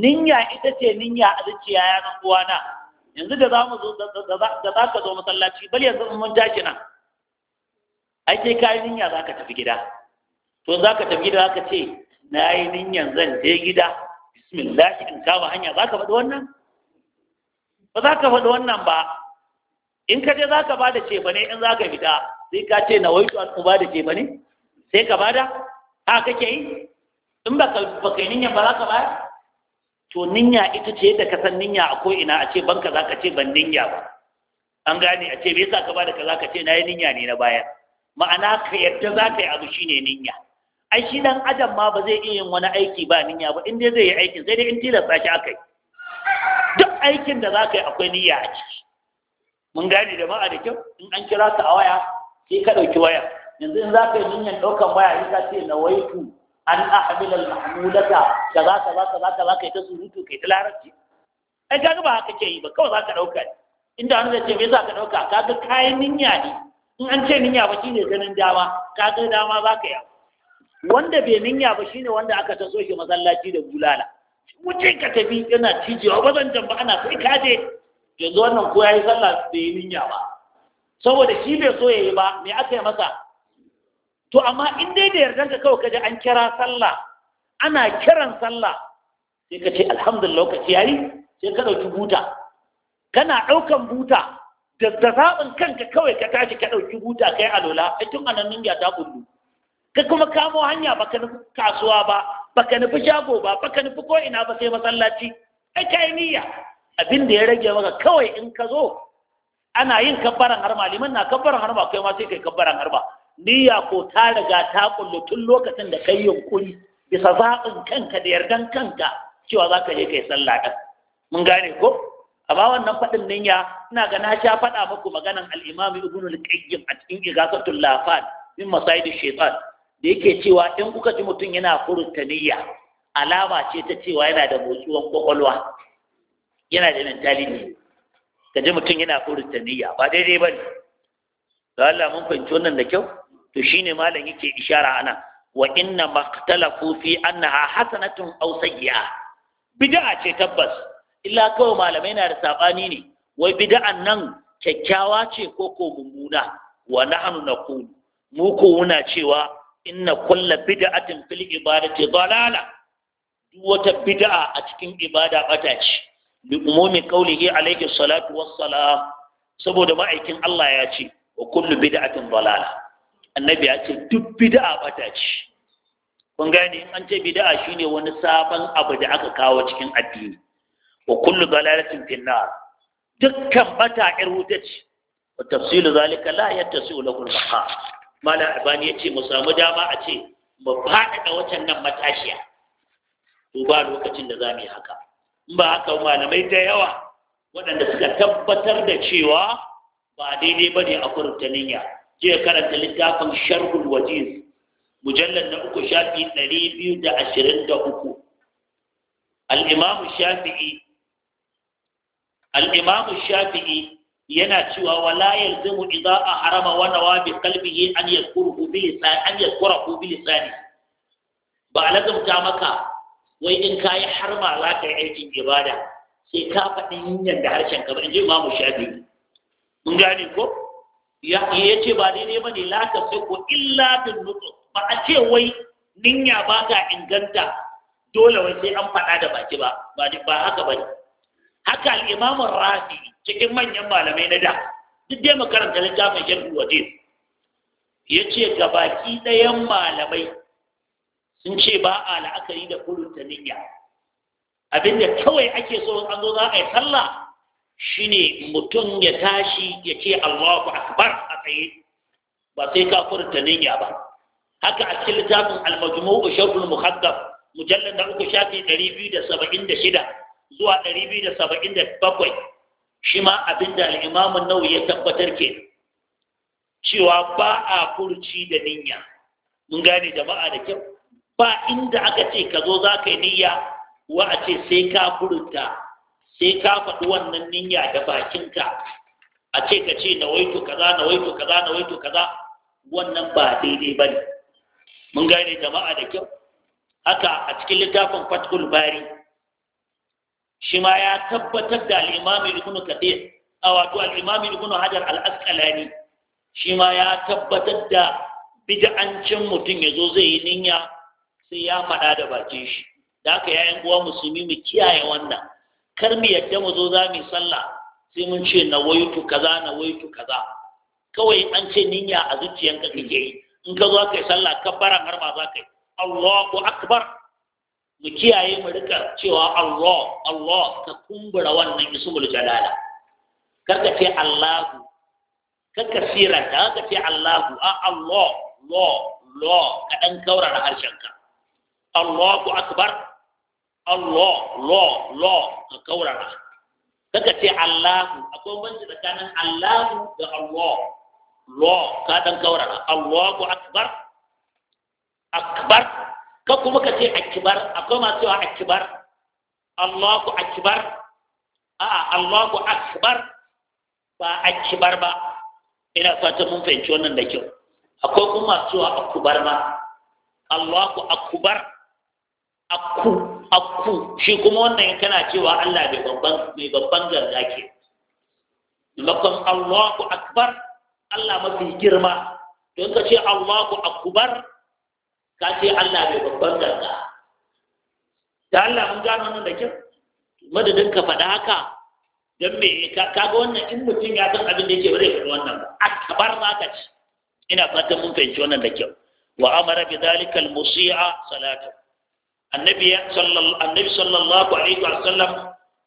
Speaker 1: Ninya ita ce ninya a zuciya ya nan uwana yanzu da za mu zo da za ka zo masallaci bal yanzu mun tashi nan ake kayan niyya za ka tafi gida to za ka tafi gida za ka ce na yi niyyar zan je gida bismillah in kama hanya za ka faɗi wannan ba za ka faɗi wannan ba in ka je za ka ba da ce ba ne in za ka fita sai ka ce na waitu an ba da ce ba ne sai ka bada ha kake yi in ba ka yi niyyar ba za ka bayar to niyya ita ce da ka san niyya a ko ina a ce banka za ka ce ban niyya ba an gane a ce me yasa ka bada kaza ka ce na yi niyya ne na bayar ma'ana ka yadda za ka yi abu shine niyya ai shi dan adam ma ba zai iya yin wani aiki ba niyya ba in dai zai yi aikin sai dai in tilasta shi aka yi duk aikin da za ka yi akwai niyya a ciki mun gane da ma'a da kyau in an kira ka a waya sai ka ɗauki waya yanzu in za ka yi niyyar ɗaukan waya in ka ce na waitu an ka za ka za ka za ka yi ta surutu kai ta larabci ai ka ba haka ke yi ba kawai za ka ɗauka inda wani zai ce me yasa ka ɗauka ka ga kayan niyya ne in an ce niyya ba shine ganin dama ka ga dama za ka yi wanda bai niyya ba shine wanda aka so shi masallaci da bulala wuce ka tafi yana cijewa ba zan jamba ana sai ka je yanzu wannan ko ya yi sallah bai yi niyya ba saboda shi bai so ya yi ba me aka yi masa to amma in dai da yardanka kawai kaji an kira sallah ana kiran sallah sai ka ce alhamdulillah lokaci yayi sai ka ɗauki buta kana ɗaukan buta da zaɓin kanka kawai ka tashi ka ɗauki buta ka yi alola a tun anan ya ta kullu ka kuma kamo hanya baka nufi kasuwa ba baka nufi shago ba baka nufi ko ina ba sai masallaci ai ka yi niyya abin da ya rage maka kawai in ka zo ana yin kabbaran harma liman na kabbaran harma kai ma sai kai kabbaran harma niyya ko ta riga ta kullu tun lokacin da kai yunkuri bisa zaɓin kanka da yardan kanka cewa za ka je kai sallah ɗin mun gane ko amma wannan faɗin niyya ina ga na sha faɗa muku maganan al'imami imam ibn al-qayyim a cikin igasatul lafat min masayid shaytan da yake cewa in kuka ji mutum yana furta niyya alama ce ta cewa yana da motsuwan kwakwalwa yana da mentality ka ji mutum yana furta niyya ba daidai ba ne Allah mun fahimci wannan da kyau to shine malam yake ishara ana wa inna maktalafu fi annaha hasanatun aw sayyi'a bid'a ce tabbas illa kawai malamai na da sabani ne wai bid'an nan kyakkyawa ce ko ko mummuna wa nahnu naqulu mu ko muna cewa inna kulla bid'atin fil ibadati dalala duk wata bid'a a cikin ibada bata ce bi umumi qawlihi alayhi salatu wassalam saboda ma'aikin Allah ya ce wa kullu bid'atin dalala annabi ya ce duk bid'a bata ce kun gane in an ce bid'a shine wani sabon abu da aka kawo cikin addini wa kullu dalalatin fin dukkan bata ir wuta ce wa tafsilu zalika la yattasi'u lahu al-maqam mala albani yace mu samu dama a ce mu da wacan nan matashiya to ba lokacin da zamu yi haka in ba haka malamai da yawa waɗanda suka tabbatar da cewa ba daidai ba ne a furta jiya karanta littafin sharhul wajiz mujallar na uku shafi ɗari biyu da ashirin da uku al'imamu shafi'i al'imamu shafi'i yana cewa wala yalzimu idza a harama wa nawa bi qalbihi an yadhkuruhu bi lisani an yadhkuruhu bi lisani ba lazumta maka wai in kayi harma za ka yi aikin ibada sai ka faɗi niyyar da harshen ka ba in ji imamu shafi'i mun gane ko ya ce ba daidai ba ne la ta ko illa bin nutsu ba a ce wai ninya ba ga inganta dole wai sai an faɗa da baki ba ba haka ba ne haka al'imamun rafi cikin manyan malamai na da duk dai makaranta littafin shan wajen ya ce ga baki ɗayan malamai sun ce ba a la'akari da kurinta niyya abinda kawai ake so an zo za a yi sallah shine mutum ya tashi ya ce Allahu akbar a tsaye ba sai ka furta niyya ba haka a cikin littafin al wa sharhul muhaddab mujallad na uku shafi 276 zuwa 277 shi ma abinda al-imam an-nawawi ya tabbatar ke cewa ba a furci da niyya mun gane jama'a da kyau ba inda aka ce ka zo za ka yi niyya wa a ce sai ka furta sai ka faɗi wannan niyya da bakinka a ce ka ce nawaitu kaza nawaitu kaza nawaitu kaza wannan ba daidai ba ne mun gane jama'a da kyau haka a cikin littafin fatkul bari shi ma ya tabbatar da al'imami ibn kathir a wato al'imami ibn hajar al shi ma ya tabbatar da bid'ancin mutum ya zo zai yi niyya sai ya faɗa da bakin shi da haka yayin uwa musulmi mu kiyaye wannan kar mu yadda mu zo za mu sallah sai mun ce na waitu kaza na waitu kaza kawai an ce niyya a zuciyanka kake yi in ka zo kai sallah kabbaran har ma za ka yi Allahu akbar mu kiyaye mu rika cewa Allah Allah ka kumbura wannan ismul jalala kar ka ce Allahu kar ka da ka ce Allahu a Allah lo lo ka dan kaurara harshenka Allahu akbar Allah law law ka kaurara alahu. ce Allah akwai banci tsakanin Allah da Allah law ka dan kaurara Allahu akbar akbar ka kuma ka ce akbar akwai masu cewa akbar a akbar a'a Allahu akibar, ba akibar ba ina fata mun fahimci wannan da kyau akwai kuma masu cewa akbar ma Allahu akubar, akku akku shi kuma wannan kana cewa Allah mai babban mai babban garga ke lakum Allahu akbar Allah mafi girma don ka ce Allahu akbar ka ce Allah mai babban garga da Allah mun gano nan da kyau madadin ka faɗa haka dan me ka ga wannan in mutum ya san abin da yake bare ka wannan ba akbar za ka ce ina fatan mun fahimci wannan da kyau wa amara bi dhalika al-musi'a salatu annabi sallallahu alaihi wa sallam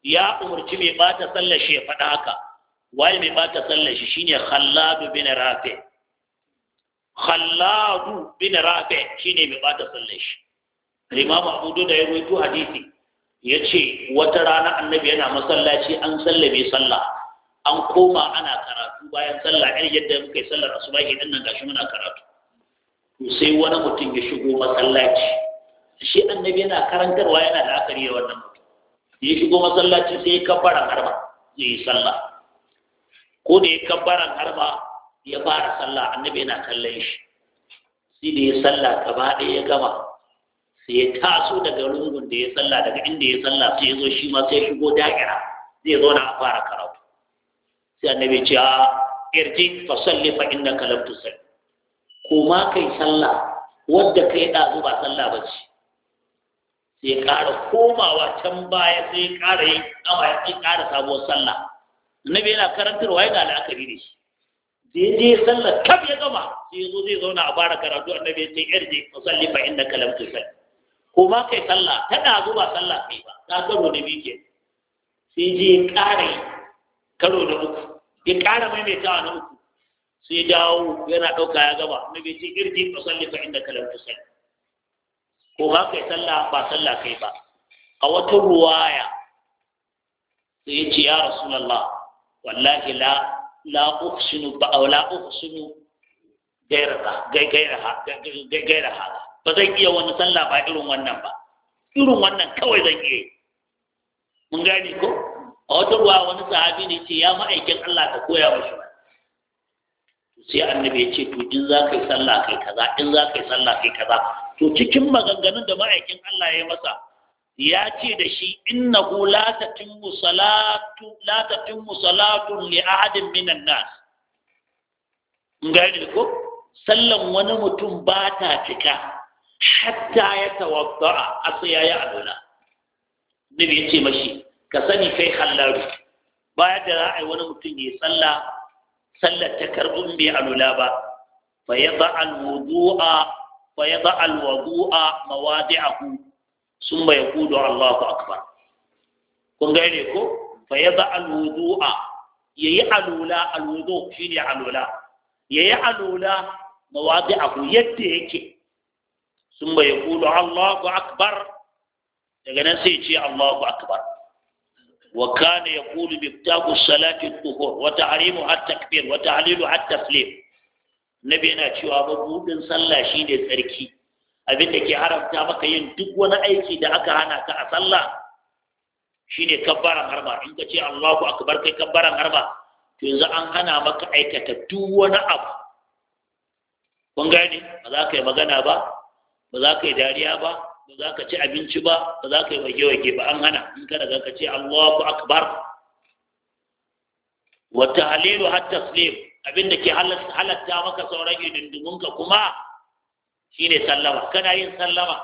Speaker 1: ya umarci mai bata sallar shi ya faɗa haka waye mai bata sallar shi shine khalladu bin rafi khalladu bin rafi shine mai bata sallar shi imam abu da ya rawaito hadisi yace wata rana annabi yana masallaci an sallame sallah an koma ana karatu bayan sallah yar yadda muka yi sallar asubahi din nan gashi muna karatu to sai wani mutum ya shigo masallaci shi annabi yana karantarwa yana da akari ya wannan mutum ya shigo masallaci sai ya kabbara harba ya yi sallah ko da ya kabbara harba ya fara sallah annabi yana kallon shi sai da ya sallah gaba ɗaya ya gama sai ya taso daga rungun da ya sallah daga inda ya sallah sai ya zo shi ma sai ya shigo da'ira zai zo na fara karatu sai annabi ce a irji fa salli fa inna lam tusalli ko ma kai sallah wadda kai da ba sallah ba ce sai ƙara komawa can baya sai ƙara yi ya sai ƙara sabuwar sallah annabi yana karantarwa yana la'akari da shi sai je sallar kaf ya gama sai ya zo zai zauna a bara karatu annabi sai irje musalli fa innaka lam sai ko ma kai sallah ta da zuwa sallah kai ba ta karo da biyu ke sai je ƙara karo da uku ya ƙara maimaitawa na uku sai dawo yana ɗauka ya Na annabi sai irje musalli fa innaka lam sai Ko ba kai sallah ba sallah kai ba a wata ruwaya sai ya ce ya rasulallah wallahi la la ukhsinu ba aw la ukhsinu gairaka gairaha gairaha ba zan iya wani sallah ba irin wannan ba irin wannan kawai zan iya mun gani ko a wata ruwa wani sahabi ne ce ya ma'aikin Allah ka koya mashi ba sai annabi ya ce to in za ka yi sallah kai kaza in za ka yi sallah kai kaza to cikin maganganun da ma'aikin Allah ya yi masa ya ce da shi hu la tatimmu salatu la tatimmu salatu li ahadin minan nas ngani ko sallan wani mutum ba ta cika hatta ya tawadda'a asiya ya alula nabi ya ce mashi ka sani kai hallaru baya da za a yi wani mutum ya yi sallah sallar ta karɓin bai alula ba fa ya za alwudu'a fa ya za alwudu'a mawadi'ahu sun bai kudu Allahu akbar kun gane ko fa ya za alwudu'a yayi alula alwudu shine alula ya yi alula aku yadda yake sun bai kudu Allahu akbar daga nan sai ce Allahu akbar وكان يقول مفتاح الصلاة الظهور وتحريمها wata وتحليلها التسليم nabi yana cewa mabudin sallah shine tsarki abin da ke haramta maka yin duk wani aiki da aka hana ta a sallah shine kabbaran harba in ka ce Allahu aka barka kabbaran harba to yanzu an hana maka aikata duk wani abu kun gane ba za ka yi magana ba ba za ka yi dariya ba ba za ka ci abinci ba ba za ka yi wage-wage ba an hana in ka daga ka ce Allahu akbar Wata halilu har taslim abinda ke halatta maka sauran idindumin ka kuma ne sallama kana yin sallama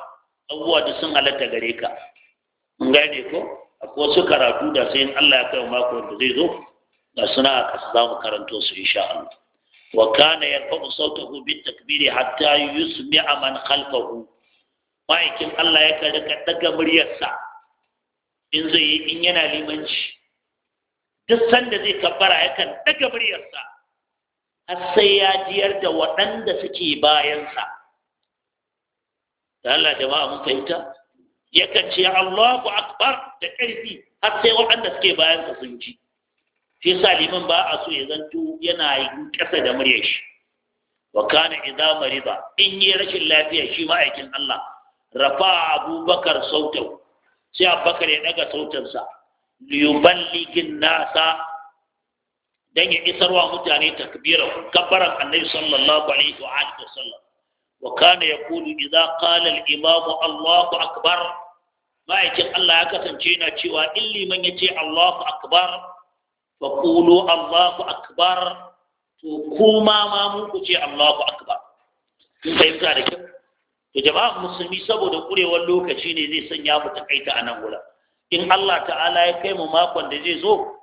Speaker 1: abubuwa da sun halatta gare ka mun gane ko akwai wasu karatu da sai in Allah ya kai mako da zai zo da suna a kasa za mu karanto su insha Allah wa kana yarfa'u sautahu bit takbiri hatta yusmi'a man khalfahu ma'aikin Allah ya kan rika daga muryarsa in zai yi in yana limanci duk sanda zai kabbara ya kan daga muryarsa har sai ya jiyar da waɗanda suke bayansa da Allah jama'a mun fahimta yakan ce Allahu akbar da ƙarfi har sai waɗanda suke bayansa sun ji shi yasa liman ba a so ya zanto yana yin ƙasa da muryar shi wa kana idza marida in yi rashin lafiya shi ma'aikin Allah rafa abubakar sautau sai abubakar ya daga liyuban ligin nasa don ya isarwa mutane takbirar kabbaran annabi sallallahu alaihi wa alihi wasallam wa kana yaqulu idza qala al-imam Allahu akbar ma'aikin Allah ya kasance yana cewa in liman yace Allahu akbar fa qulu Allahu akbar to kuma ma mun ku ce Allahu akbar kun fahimta da kyau da jama'a musulmi saboda kurewar lokaci ne zai sanya mu ta takaita a nan wura, in Allah ta'ala ya kai mu makon da zai zo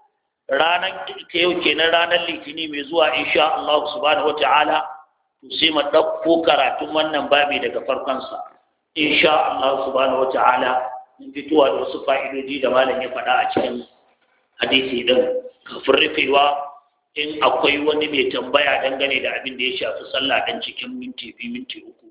Speaker 1: ranar ta yau kenan ranar litini mai zuwa insha Allah subhanahu wata'ala to sai mu ɗauko karatun wannan babi daga farkonsa insha Allah subhanahu wata'ala in fitowa da wasu fa'idodi da malam ya faɗa a cikin hadisi din kafin rufewa in akwai wani mai tambaya dangane da abin da ya shafi sallah dan cikin minti biyu minti uku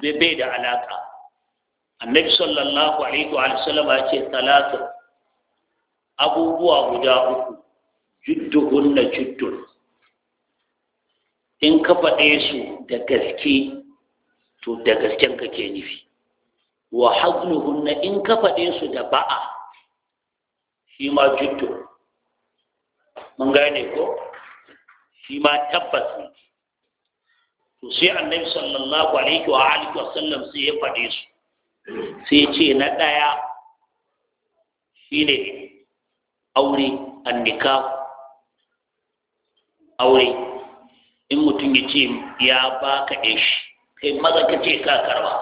Speaker 1: bai da alaka annabi sallallahu alaihi wa sallam ya ce talatu abubuwa guda uku judduhun na juddun in ka faɗe su da gaske to da gasken ka ke nufi wa hazluhun na in ka faɗe su da ba'a shi ma juddun mun gane ko shi ma tabbas ne to sai annabi sallallahu alaihi wa alihi wa sallam sai ya faɗe su sai ce na ɗaya shine aure annika aure in mutum ya ce ya baka shi kai maza ka ce ka karba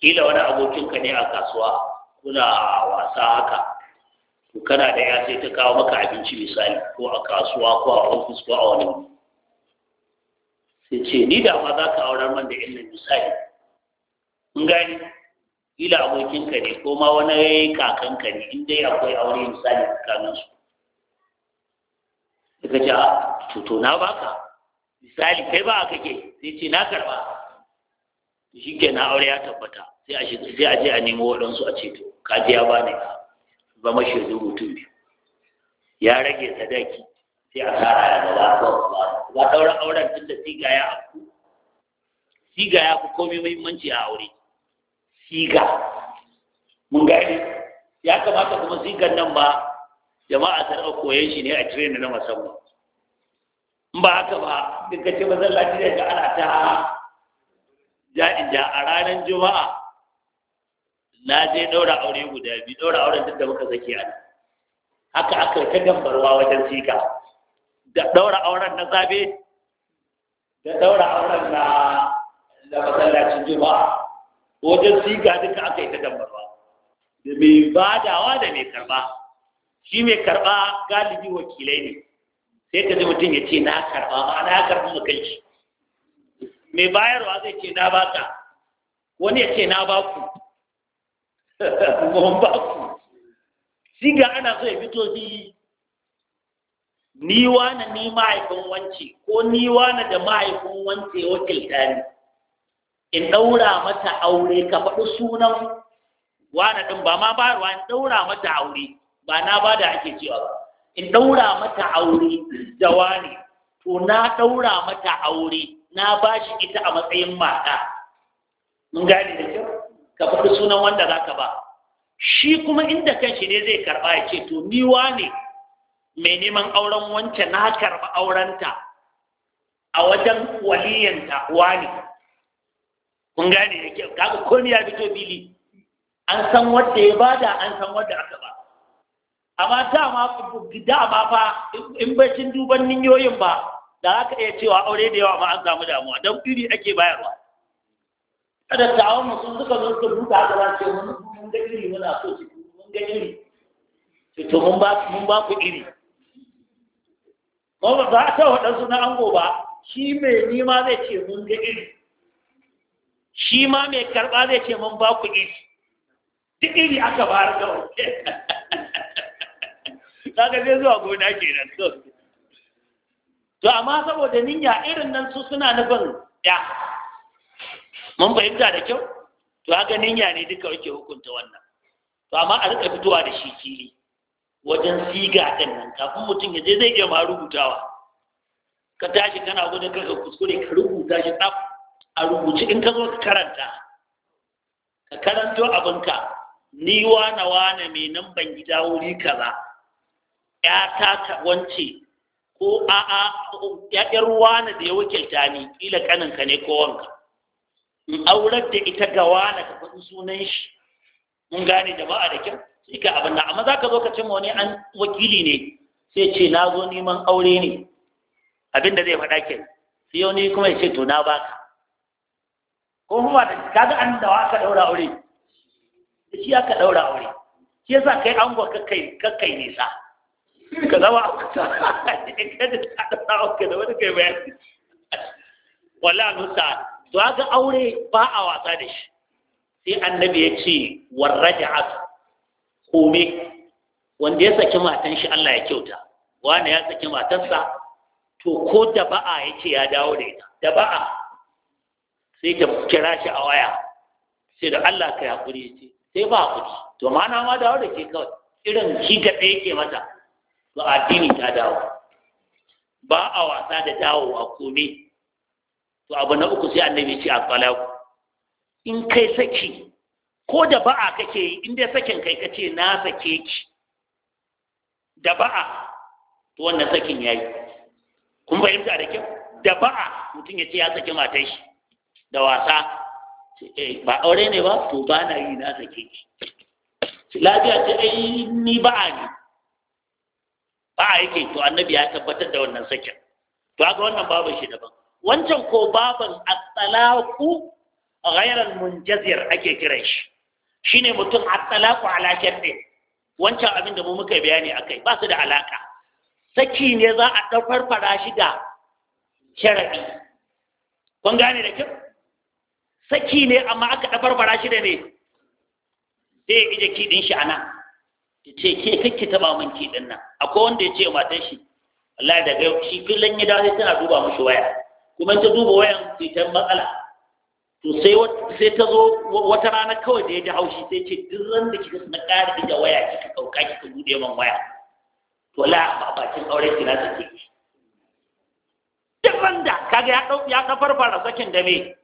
Speaker 1: kila wani abokinka ne a kasuwa kuna wasa haka to kana da ya sai ta kawo maka abinci misali ko a kasuwa ko a ofis ko a wani ce ni da ma za ka aurar man da illan misali in gani ila abokinka ne ko ma wani kakanka ne in dai akwai aure misali tsakanin su daga ce a ah, to na baka misali kai ba kake sai ce na karba shi ke na aure ya tabbata sai a sai a je a nemo waɗansu a ceto ka je ya bani ka zama shaidu mutum biyu ya rage sadaki sai a kara ya ba ba ɗauran auren tun da siga ya afku siga ya fi komai muhimmanci a aure siga mun gani ya kamata kuma sigan nan ba jama'a ta rika koyon shi ne a tirin na musamman in ba haka ba duk ce masallaci da ga ana ta ja'in ja a ranar juma'a na je daura aure guda biyu daura auren duk da muka sake a haka aka ta gambarwa wajen sika da ɗaura auren na zabe da ɗaura auren na da masallacin juma'a wajen siga duka aka yi ta dambarwa da mai badawa da mai karɓa shi mai karɓa galibi wakilai ne sai ka ji mutum ya ce na karɓa ma na karɓi mu kai shi mai bayarwa zai ce na baka wani ya ce na baku mun baku siga ana so ya fito shi ni wani ni mahaifin wance ko ni wani da mahaifin wance ya wakilta in ɗaura mata aure ka faɗi sunan wani ɗin ba ma ba in ɗaura mata aure ba na ba da ake cewa ba in ɗaura mata aure da wani to na ɗaura mata aure na ba shi ita a matsayin mata mun gane da kyau ka faɗi sunan wanda za ka ba shi kuma inda kanshi ne zai karɓa ya ce to ni wane mai neman auren wance na karɓi aurenta a wajen waliyanta wani kun gane da kyau kaga komi ya fito fili an san wanda ya bada an san wanda aka ba amma da ma fa in bacin duban ninyoyin ba da aka iya cewa aure da yawa ma an samu damuwa don iri ake bayarwa kada ta hawa sun suka zo suka buɗe haka ba ce mun ga iri muna so su mun ga iri to mun ba mun ba ku iri ba za a ta waɗansu na ango ba shi mai nima zai ce mun ga iri shi ma mai karɓa zai ce mun ba ku iri duk iri aka bayar ta ga zai zuwa gona nan so to amma saboda niyya irin nan su suna nufin ya mun fahimta da kyau to haka ninya ne duka wake hukunta wannan to amma a rika fitowa da shi fili wajen siga ɗin nan kafin mutum ya je zai gama rubutawa ka tashi kana gudun kaka kuskure ka rubuta shi tsaf a rubuce in ka zo ka karanta ka karanto abinka ni wane wane mai nan ban gida wuri kaza ya ta wance ko a a ya wane da ya wakilta ni kila kaninka ne ko wanka in aurar da ita ga wane ka faɗi sunan shi mun gane jama'a da kyau sai abin da amma za ka zo ka cimma wani an wakili ne sai ce na zo neman aure ne abin da zai faɗa ke sai wani kuma ya ce to na ba ka. ko kuma da kaga an da aka ɗaura aure da shi aka ɗaura aure shi yasa kai ango kakkai kakkai nisa ka zama a kusa kada ta ɗaura ka da wani kai bayani wallahi nusa to haka aure ba a wasa da shi sai annabi ya ce warraja'atu kome wanda ya saki matan shi Allah ya kyauta wanda ya saki matansa? to ko da ba'a ya ce ya dawo da ita da ba'a sai ta kira shi a waya sai da Allah ka ya kuri ce sai ba hakuri to ma'ana ma dawo da ke kawai irin shi ta ɗaya ke mata to addini ta dawo ba a wasa da dawowa kome. to abu na uku sai annabi ce a tsalaku. in kai saki ko da ba'a kake yi inda sakin kai ka ce na sake ki da ba'a to wannan sakin ya yi kun fahimta da kyau da ba'a mutum ya ce ya sake matar shi da wasa eh, ba aure ne ba to ba na yi na sake ki lafiya ce ai ni ba'a ne ba'a yake to annabi ya tabbatar da wannan sakin to haka wannan baban shi daban wancan ko baban at-talaqu ghayra al-munjazir ake kiran shi Shi ne mutum a talaqu ala ne. wancan abin da mu muka bayani kai. ba su da alaƙa. saki ne za a ɗaukar fara shi da sharaɗi kun gane da kyau saki ne amma aka ɗaukar fara shi da ne sai ya ije kiɗin shi a nan ya ce ke kake taɓa min kiɗin nan akwai wanda ya ce matan shi Allah daga shi fillan ya dawo sai tana duba mushi waya kuma ta duba wayan sai ta matsala to sai sai ta zo wata rana kawai da ya ji haushi sai ce duk ran da kika na ƙara da waya kika ɗauka kika buɗe man waya to la ba bakin aure ki na take duk ran da kaga ya ɗau ya kafarfara sakin da me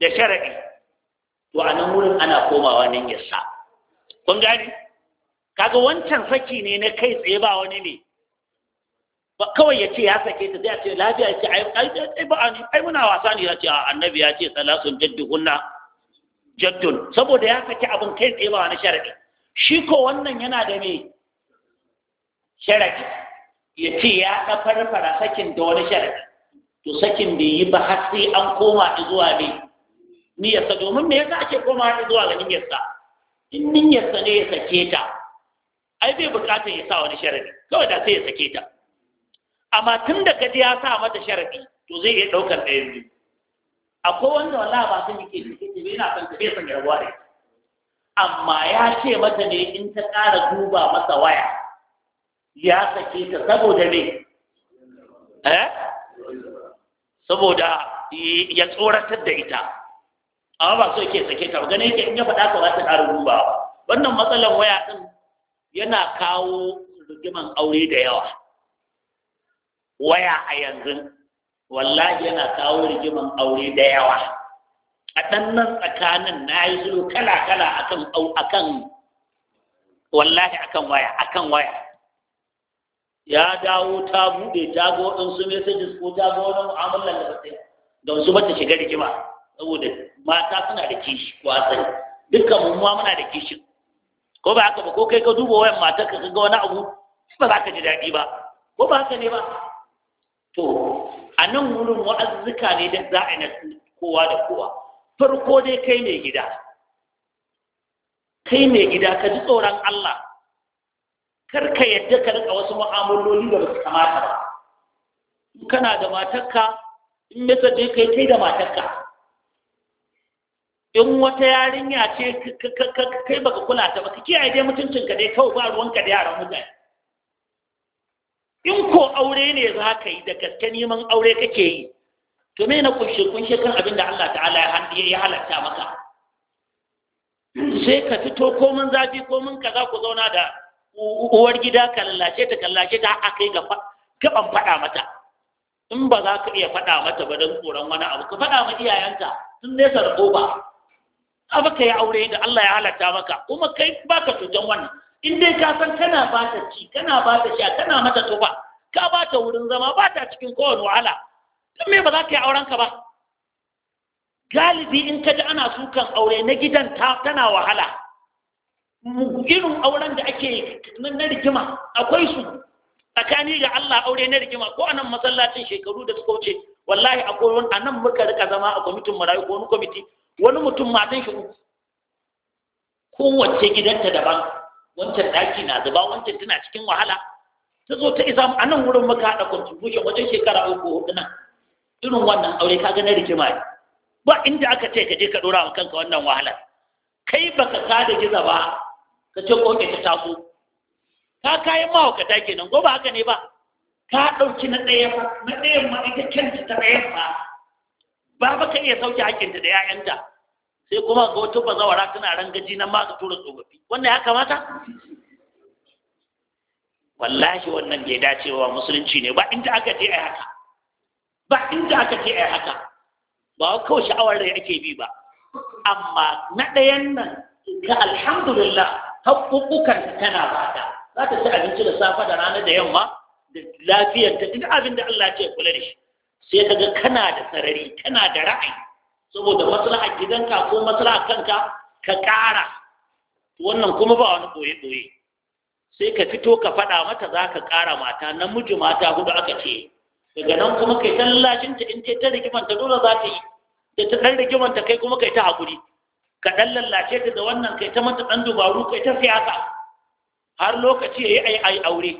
Speaker 1: da sharaɗi to a nan wurin ana komawa nan yasa kun gani kaga wancan saki ne na kai tsaye ba wani ne ba kawai ya ce ya sake ta zai ce lafiya ce ai ba ani ai muna wasa ne ya ce a annabi ya ce salasun jadduhunna jaddun saboda ya sake abin kai tsaye ba wani sharadi shi ko wannan yana da me sharadi ya ce ya ɗafar farfara sakin da wani sharadi to sakin da yi ba har sai an koma zuwa ne yasa domin me yasa ake koma zuwa ga niyyarsa in niyyarsa ne ya sake ta ai bai bukatar ya sa wani sharadi kawai da sai ya sake ta amma tun da kaji ya sa mata sharadi to zai iya ɗaukar ɗaya biyu akwai wanda wala ba sun ke da kike bai na san ta bai san yarwa amma ya ce mata ne in ta ƙara duba masa waya ya sake ta saboda ne eh saboda ya tsoratar da ita amma ba so yake sake ta gane yake in ya faɗa ka ba ta ƙara duba wannan matsalar waya din yana kawo rigiman aure da yawa waya a yanzu wallahi yana kawo rigiman aure da yawa a ɗannan tsakanin na yi zuru kala-kala akan akan wallahi akan waya akan waya ya dawo ta buɗe ta ɗin su messages ko ta go wani mu'amalar da ba da wasu ba ta shiga rigima saboda mata suna da kishi ko asali dukkan mu ma muna da kishi ko ba haka ba ko kai ka duba wayan mata ka ga wani abu ba za ka ji daɗi ba ko ba haka ne ba to a nan wurin wa'azzuka ne da za a yi na kowa da kowa farko dai kai mai gida kai mai gida ka ji tsoron Allah kar ka yadda ka rika wasu mu'amaloli da ba kamata ba kana da matakka, in mesa je kai kai da matakka. in wata yarinya ce kai baka kula ta ba ka kiyaye dai mutuncinka dai kawai ba ruwanka da yaran mutane in ko aure ne za ka yi da gaske neman aure kake yi to me na kunshe kunshe kan abin da Allah ta'ala ya ya halatta maka sai ka fito ko mun zafi ko komin kaza ku zauna da uwar gida ka lallace ta kallace ta a kai ga gaban faɗa mata in ba za ka iya faɗa mata ba don tsoron wani abu ka faɗa ma iyayenka sun nesa da ƙofa ba ka yi aure da Allah ya halatta maka kuma kai baka tutan wannan in dai ka san kana ba ta ci kana ba ta sha kana mata tufa ka ba ta wurin zama ba ta cikin kowane wahala don me ba za ka yi aurenka ba galibi in ka ji ana sukan aure na gidan tana wahala irin auren da ake na rigima akwai su tsakani ga Allah aure na rigima ko anan masallacin shekaru da suka wuce wallahi akwai wani anan muka rika zama a kwamitin marayu ko wani kwamiti wani mutum matan shi kowace gidanta daban wancan daki na zuba wancan tana cikin wahala ta zo ta isa a nan wurin maka haɗa contribution wajen shekara uku hudu nan irin wannan aure ka ga na rikima ne ba inda aka ce ka je ka ɗora wa kanka wannan wahalar kai baka ka da giza ba ka ce koke ta taso ka kayan mahaukata kenan ko ba haka ne ba ka ɗauki na ɗayan na ɗayan ma ita kanta ta ɗayan ma ba ba ka iya sauke hakinta da 'ya'yanta sai kuma ga wata bazawara tana rangaji nan ma ka tura tsofaffi wannan ya kamata wallahi wannan bai dace wa musulunci ne ba inda aka je ai haka ba inda aka je ai haka ba kawai sha'awar da ake bi ba amma na ɗayan nan ga alhamdulillah haƙuƙukan tana bada za ta ci abinci da safe da rana da yamma da lafiyar ta duk abin da Allah ya kula da shi sai kaga kana da sarari kana da ra'ayi saboda maslahar gidanka ko maslahar kanka ka ƙara wannan kuma ba wani ɓoye-ɓoye sai ka fito ka faɗa mata za ka ƙara mata namiji mata hudu aka ce daga nan kuma kai ta lallashinta in ce ta rigimanta dole za ta yi da ta ɗan rigimanta kai kuma kai ta haƙuri ka ɗan lallashe ta da wannan kai ta mata ɗan dubaru kai ta siyasa har lokaci ya yi ai aure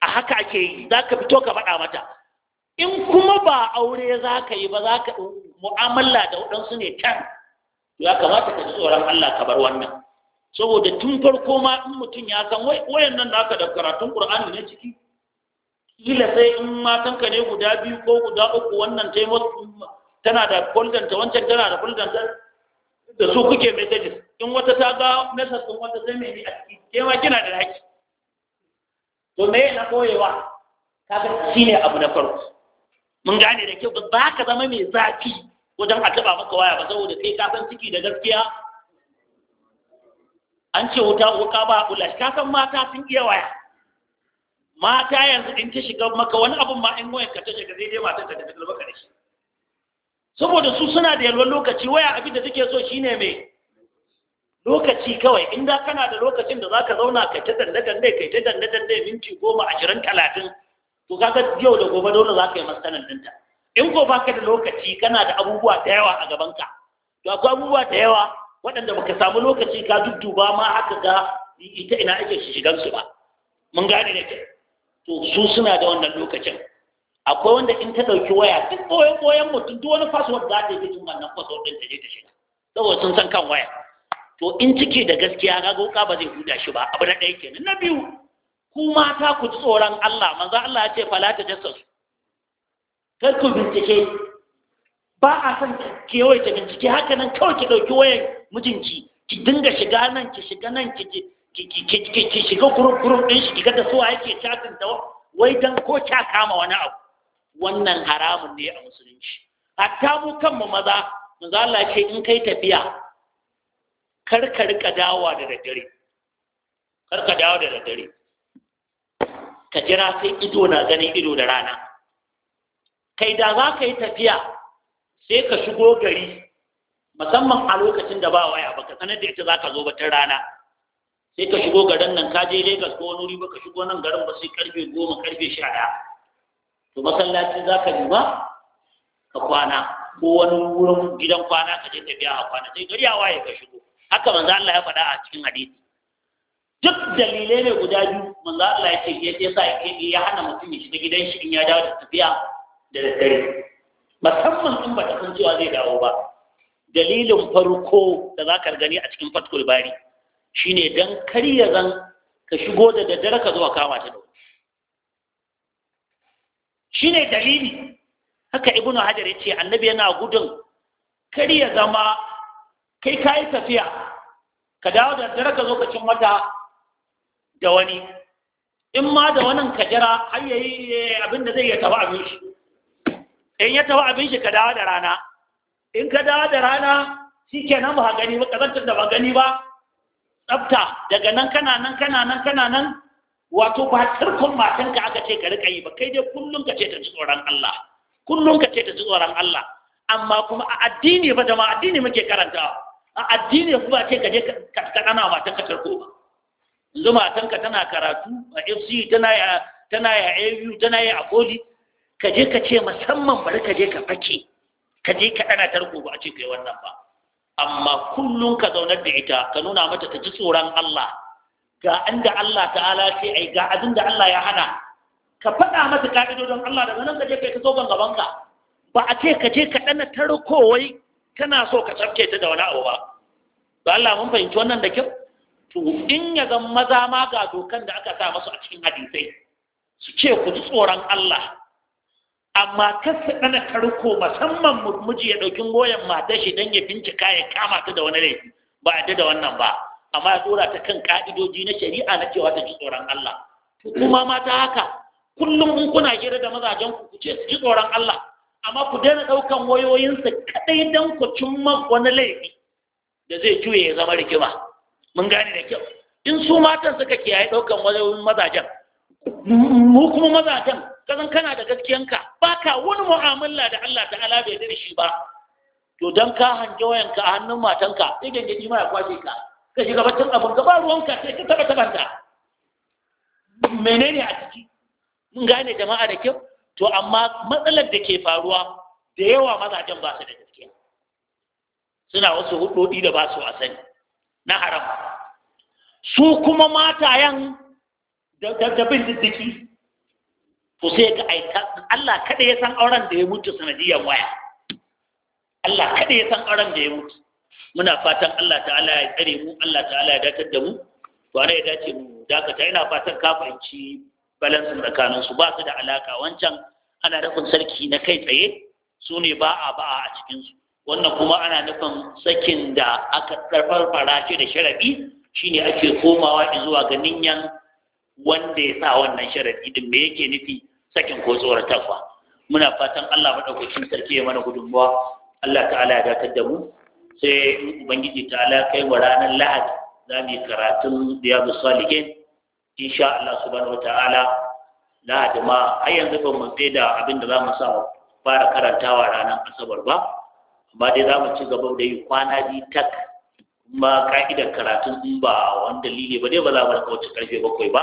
Speaker 1: a haka ake yi za ka fito ka faɗa mata in kuma ba aure za ka yi ba za ka mu'amala da waɗansu ne can ya kamata ka ji tsoron Allah ka bar wannan saboda tun farko ma in mutum ya san wayan nan aka da karatun Qur'ani ne ciki kila sai in ka ne guda biyu ko guda uku wannan tana da folder ta wancan tana da folder ta da su kuke messages in wata ta ga message din wata sai mai a ciki ke ma kina da haki to me na koyewa kaga shine abu na farko mun gane da kyau ba ka zama mai zafi wajen a taba maka waya ba saboda kai ka san ciki da gaskiya an ce wuta ka ba kula ka san mata sun iya waya mata yanzu in ta shiga maka wani abun ma in wayar ka ta shiga zai dai mata ta tafi maka da shi saboda su suna da yalwar lokaci waya abin da take so shine mai lokaci kawai in da kana da lokacin da zaka zauna kai ta danne danne kai ta danne danne minti goma ashirin talatin to kaga yau da gobe dole za ka yi masanan dinta in ko baka da lokaci kana da abubuwa da yawa a gabanka to akwai abubuwa da yawa waɗanda baka samu lokaci ka dudduba ma haka ga ita ina ake shi shigar su ba mun gane ne ke to su suna da wannan lokacin akwai wanda in ta ɗauki waya duk koyon koyon mutum duk wani password za ta yi cikin wannan password ɗin ta je ta shiga saboda sun san kan waya to in cike da gaskiya ga goka ba zai huda shi ba abu na ɗaya kenan na biyu ku mata ku ji tsoron Allah manzo Allah ya ce fala ta jassasu kar ku bincike ba a san ki yawaita bincike haka nan kawai ki ɗauki wayan mijinki ki dinga shiga nan ki shiga nan ki ki shiga gurup gurup ɗin shi kiga da su yake chatin da wai dan ko ta kama wani abu wannan haramun ne a musulunci hatta mu kanmu maza manzo Allah ce in kai tafiya kar ka rika dawowa da daddare kar ka dawo da daddare ka jira sai ido na gani ido da rana kai da za ka yi tafiya sai ka shigo gari musamman a lokacin da ba waya ba ka sanar da ita za ka zo batun rana sai ka shigo garin nan ka je Legas ko wani ba ka shigo nan garin ba sai karfe goma karfe sha ɗaya
Speaker 2: to masallaci za ka duba
Speaker 1: ka kwana ko wani wurin gidan kwana ka je tafiya a kwana sai gari a waye ka shigo haka manzo Allah ya faɗa a cikin hadisi duk dalilai ne guda biyu manzo Allah ya ce ya sa ya hana mutum ya shiga gidan shi in ya dawo da tafiya da daddare musamman in ba ta san cewa zai dawo ba dalilin farko da za ka gani a cikin fatkul bari shine dan ya zan ka shigo da daddare ka zuwa kama ta da shine dalili haka ibnu hajar yace annabi yana gudun ya zama kai kayi tafiya ka dawo da daddare ka zo ka mata da wani in ma da wannan ka har yayi eh, abin da zai ya taba abin in ya tawa abin shi ka dawo da rana in ka dawo da rana shi nan ba gani ba kazantar da ba gani ba tsafta daga nan kana nan kana nan kana nan wato ba tarkon matanka aka ce ka rika yi ba kai dai kullum ka ce ta ji tsoron Allah kullum ka ce ta ji tsoron Allah amma kuma a addini ba ma addini muke karantawa a addini kuma ce ka je ka kana matanka tarko ba yanzu matanka tana karatu a FC tana ya tana ya AU tana ya Akoli Kaje je ka ce musamman bari ka je ka fake ka je ka ɗana ta ba a ce kai wannan ba amma kullum ka zaunar da ita ka nuna mata ta ji tsoron Allah ga inda Allah ta'ala ce ai ga abin da Allah ya hana ka faɗa masa ka'idodin Allah daga nan ka je kai ta zogon gaban ka ba a ce ka je ka ɗana tarko wai kana so ka tsafce ta da wani abu ba to Allah mun fahimci wannan da kyau to in ya zama maza ma ga dokan da aka sa masu a cikin hadisai su ce ku ji tsoron Allah amma kasa ɗana karko musamman mutumci ya ɗauki goyon mata shi don ya bincika ya kama ta da wani laifi ba a da wannan ba amma ya tsora ta kan ka'idoji na shari'a na cewa ta ji tsoron Allah kuma mata haka kullum in kuna hira da mazajen ku ku ce su ji tsoron Allah amma ku daina ɗaukan wayoyinsa kaɗai don ku cimma wani laifi da zai juye ya zama rigima mun gane da kyau in su matan suka kiyaye ɗaukan wayoyin mazajen mu kuma mazajen kazan kana da gaskiyanka baka wani mu'amala da Allah ta'ala bai da shi ba to dan ka hange wayanka a hannun matanka sai gangaji ma ya kwace ka ka shiga batun abin ka ba ruwanka sai ka taba tabanta menene a ciki mun gane jama'a da kyau to amma matsalar da ke faruwa da yawa mazajen ba su da gaskiya suna wasu hudodi da ba su a sani na haram su kuma matayan da bin diddiki to sai ga aita Allah kada ya san auren da ya mutu sanadiyar waya Allah kada ya san auren da ya mutu muna fatan Allah ta'ala ya tsare mu Allah ta'ala ya datar da mu to ana ya dace mu dakata ina fatan ka fahimci balansin tsakanin su ba su da alaka wancan ana rufin sarki na kai tsaye su ne ba a ba a cikin su wannan kuma ana nufin sakin da aka fara shi da sharadi shine ake komawa zuwa ga ninyan wanda ya sa wannan sharadi din me yake nufi sakin ko tsoratarwa muna fatan Allah madaukakin sarki ya mana gudunmawa Allah ta'ala ya dakar da mu sai ubangiji ta'ala kai wa ranar lahadi za mu yi karatun riyadu salihin insha Allah subhanahu ta'ala. lahadi ma har yanzu ba mu tsaye da abin da za mu sa fara karantawa ranar asabar ba amma dai za mu ci gaba da yi kwana biyu tak kuma ka'idar karatun in ba wani dalili ba dai ba za mu rika wuce karfe bakwai ba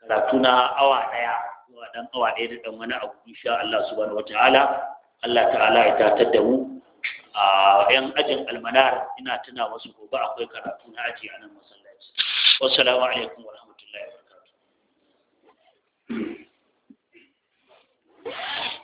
Speaker 1: karatu na awa ɗaya zuwa dan awa ɗaya da dan wani abu insha Allah subhanahu wataala Allah ta'ala ya tatar da mu a yan ajin almanar ina tuna wasu gobe akwai karatu na aji a nan masallaci
Speaker 2: wassalamu alaikum
Speaker 1: wa rahmatullahi wa barakatuh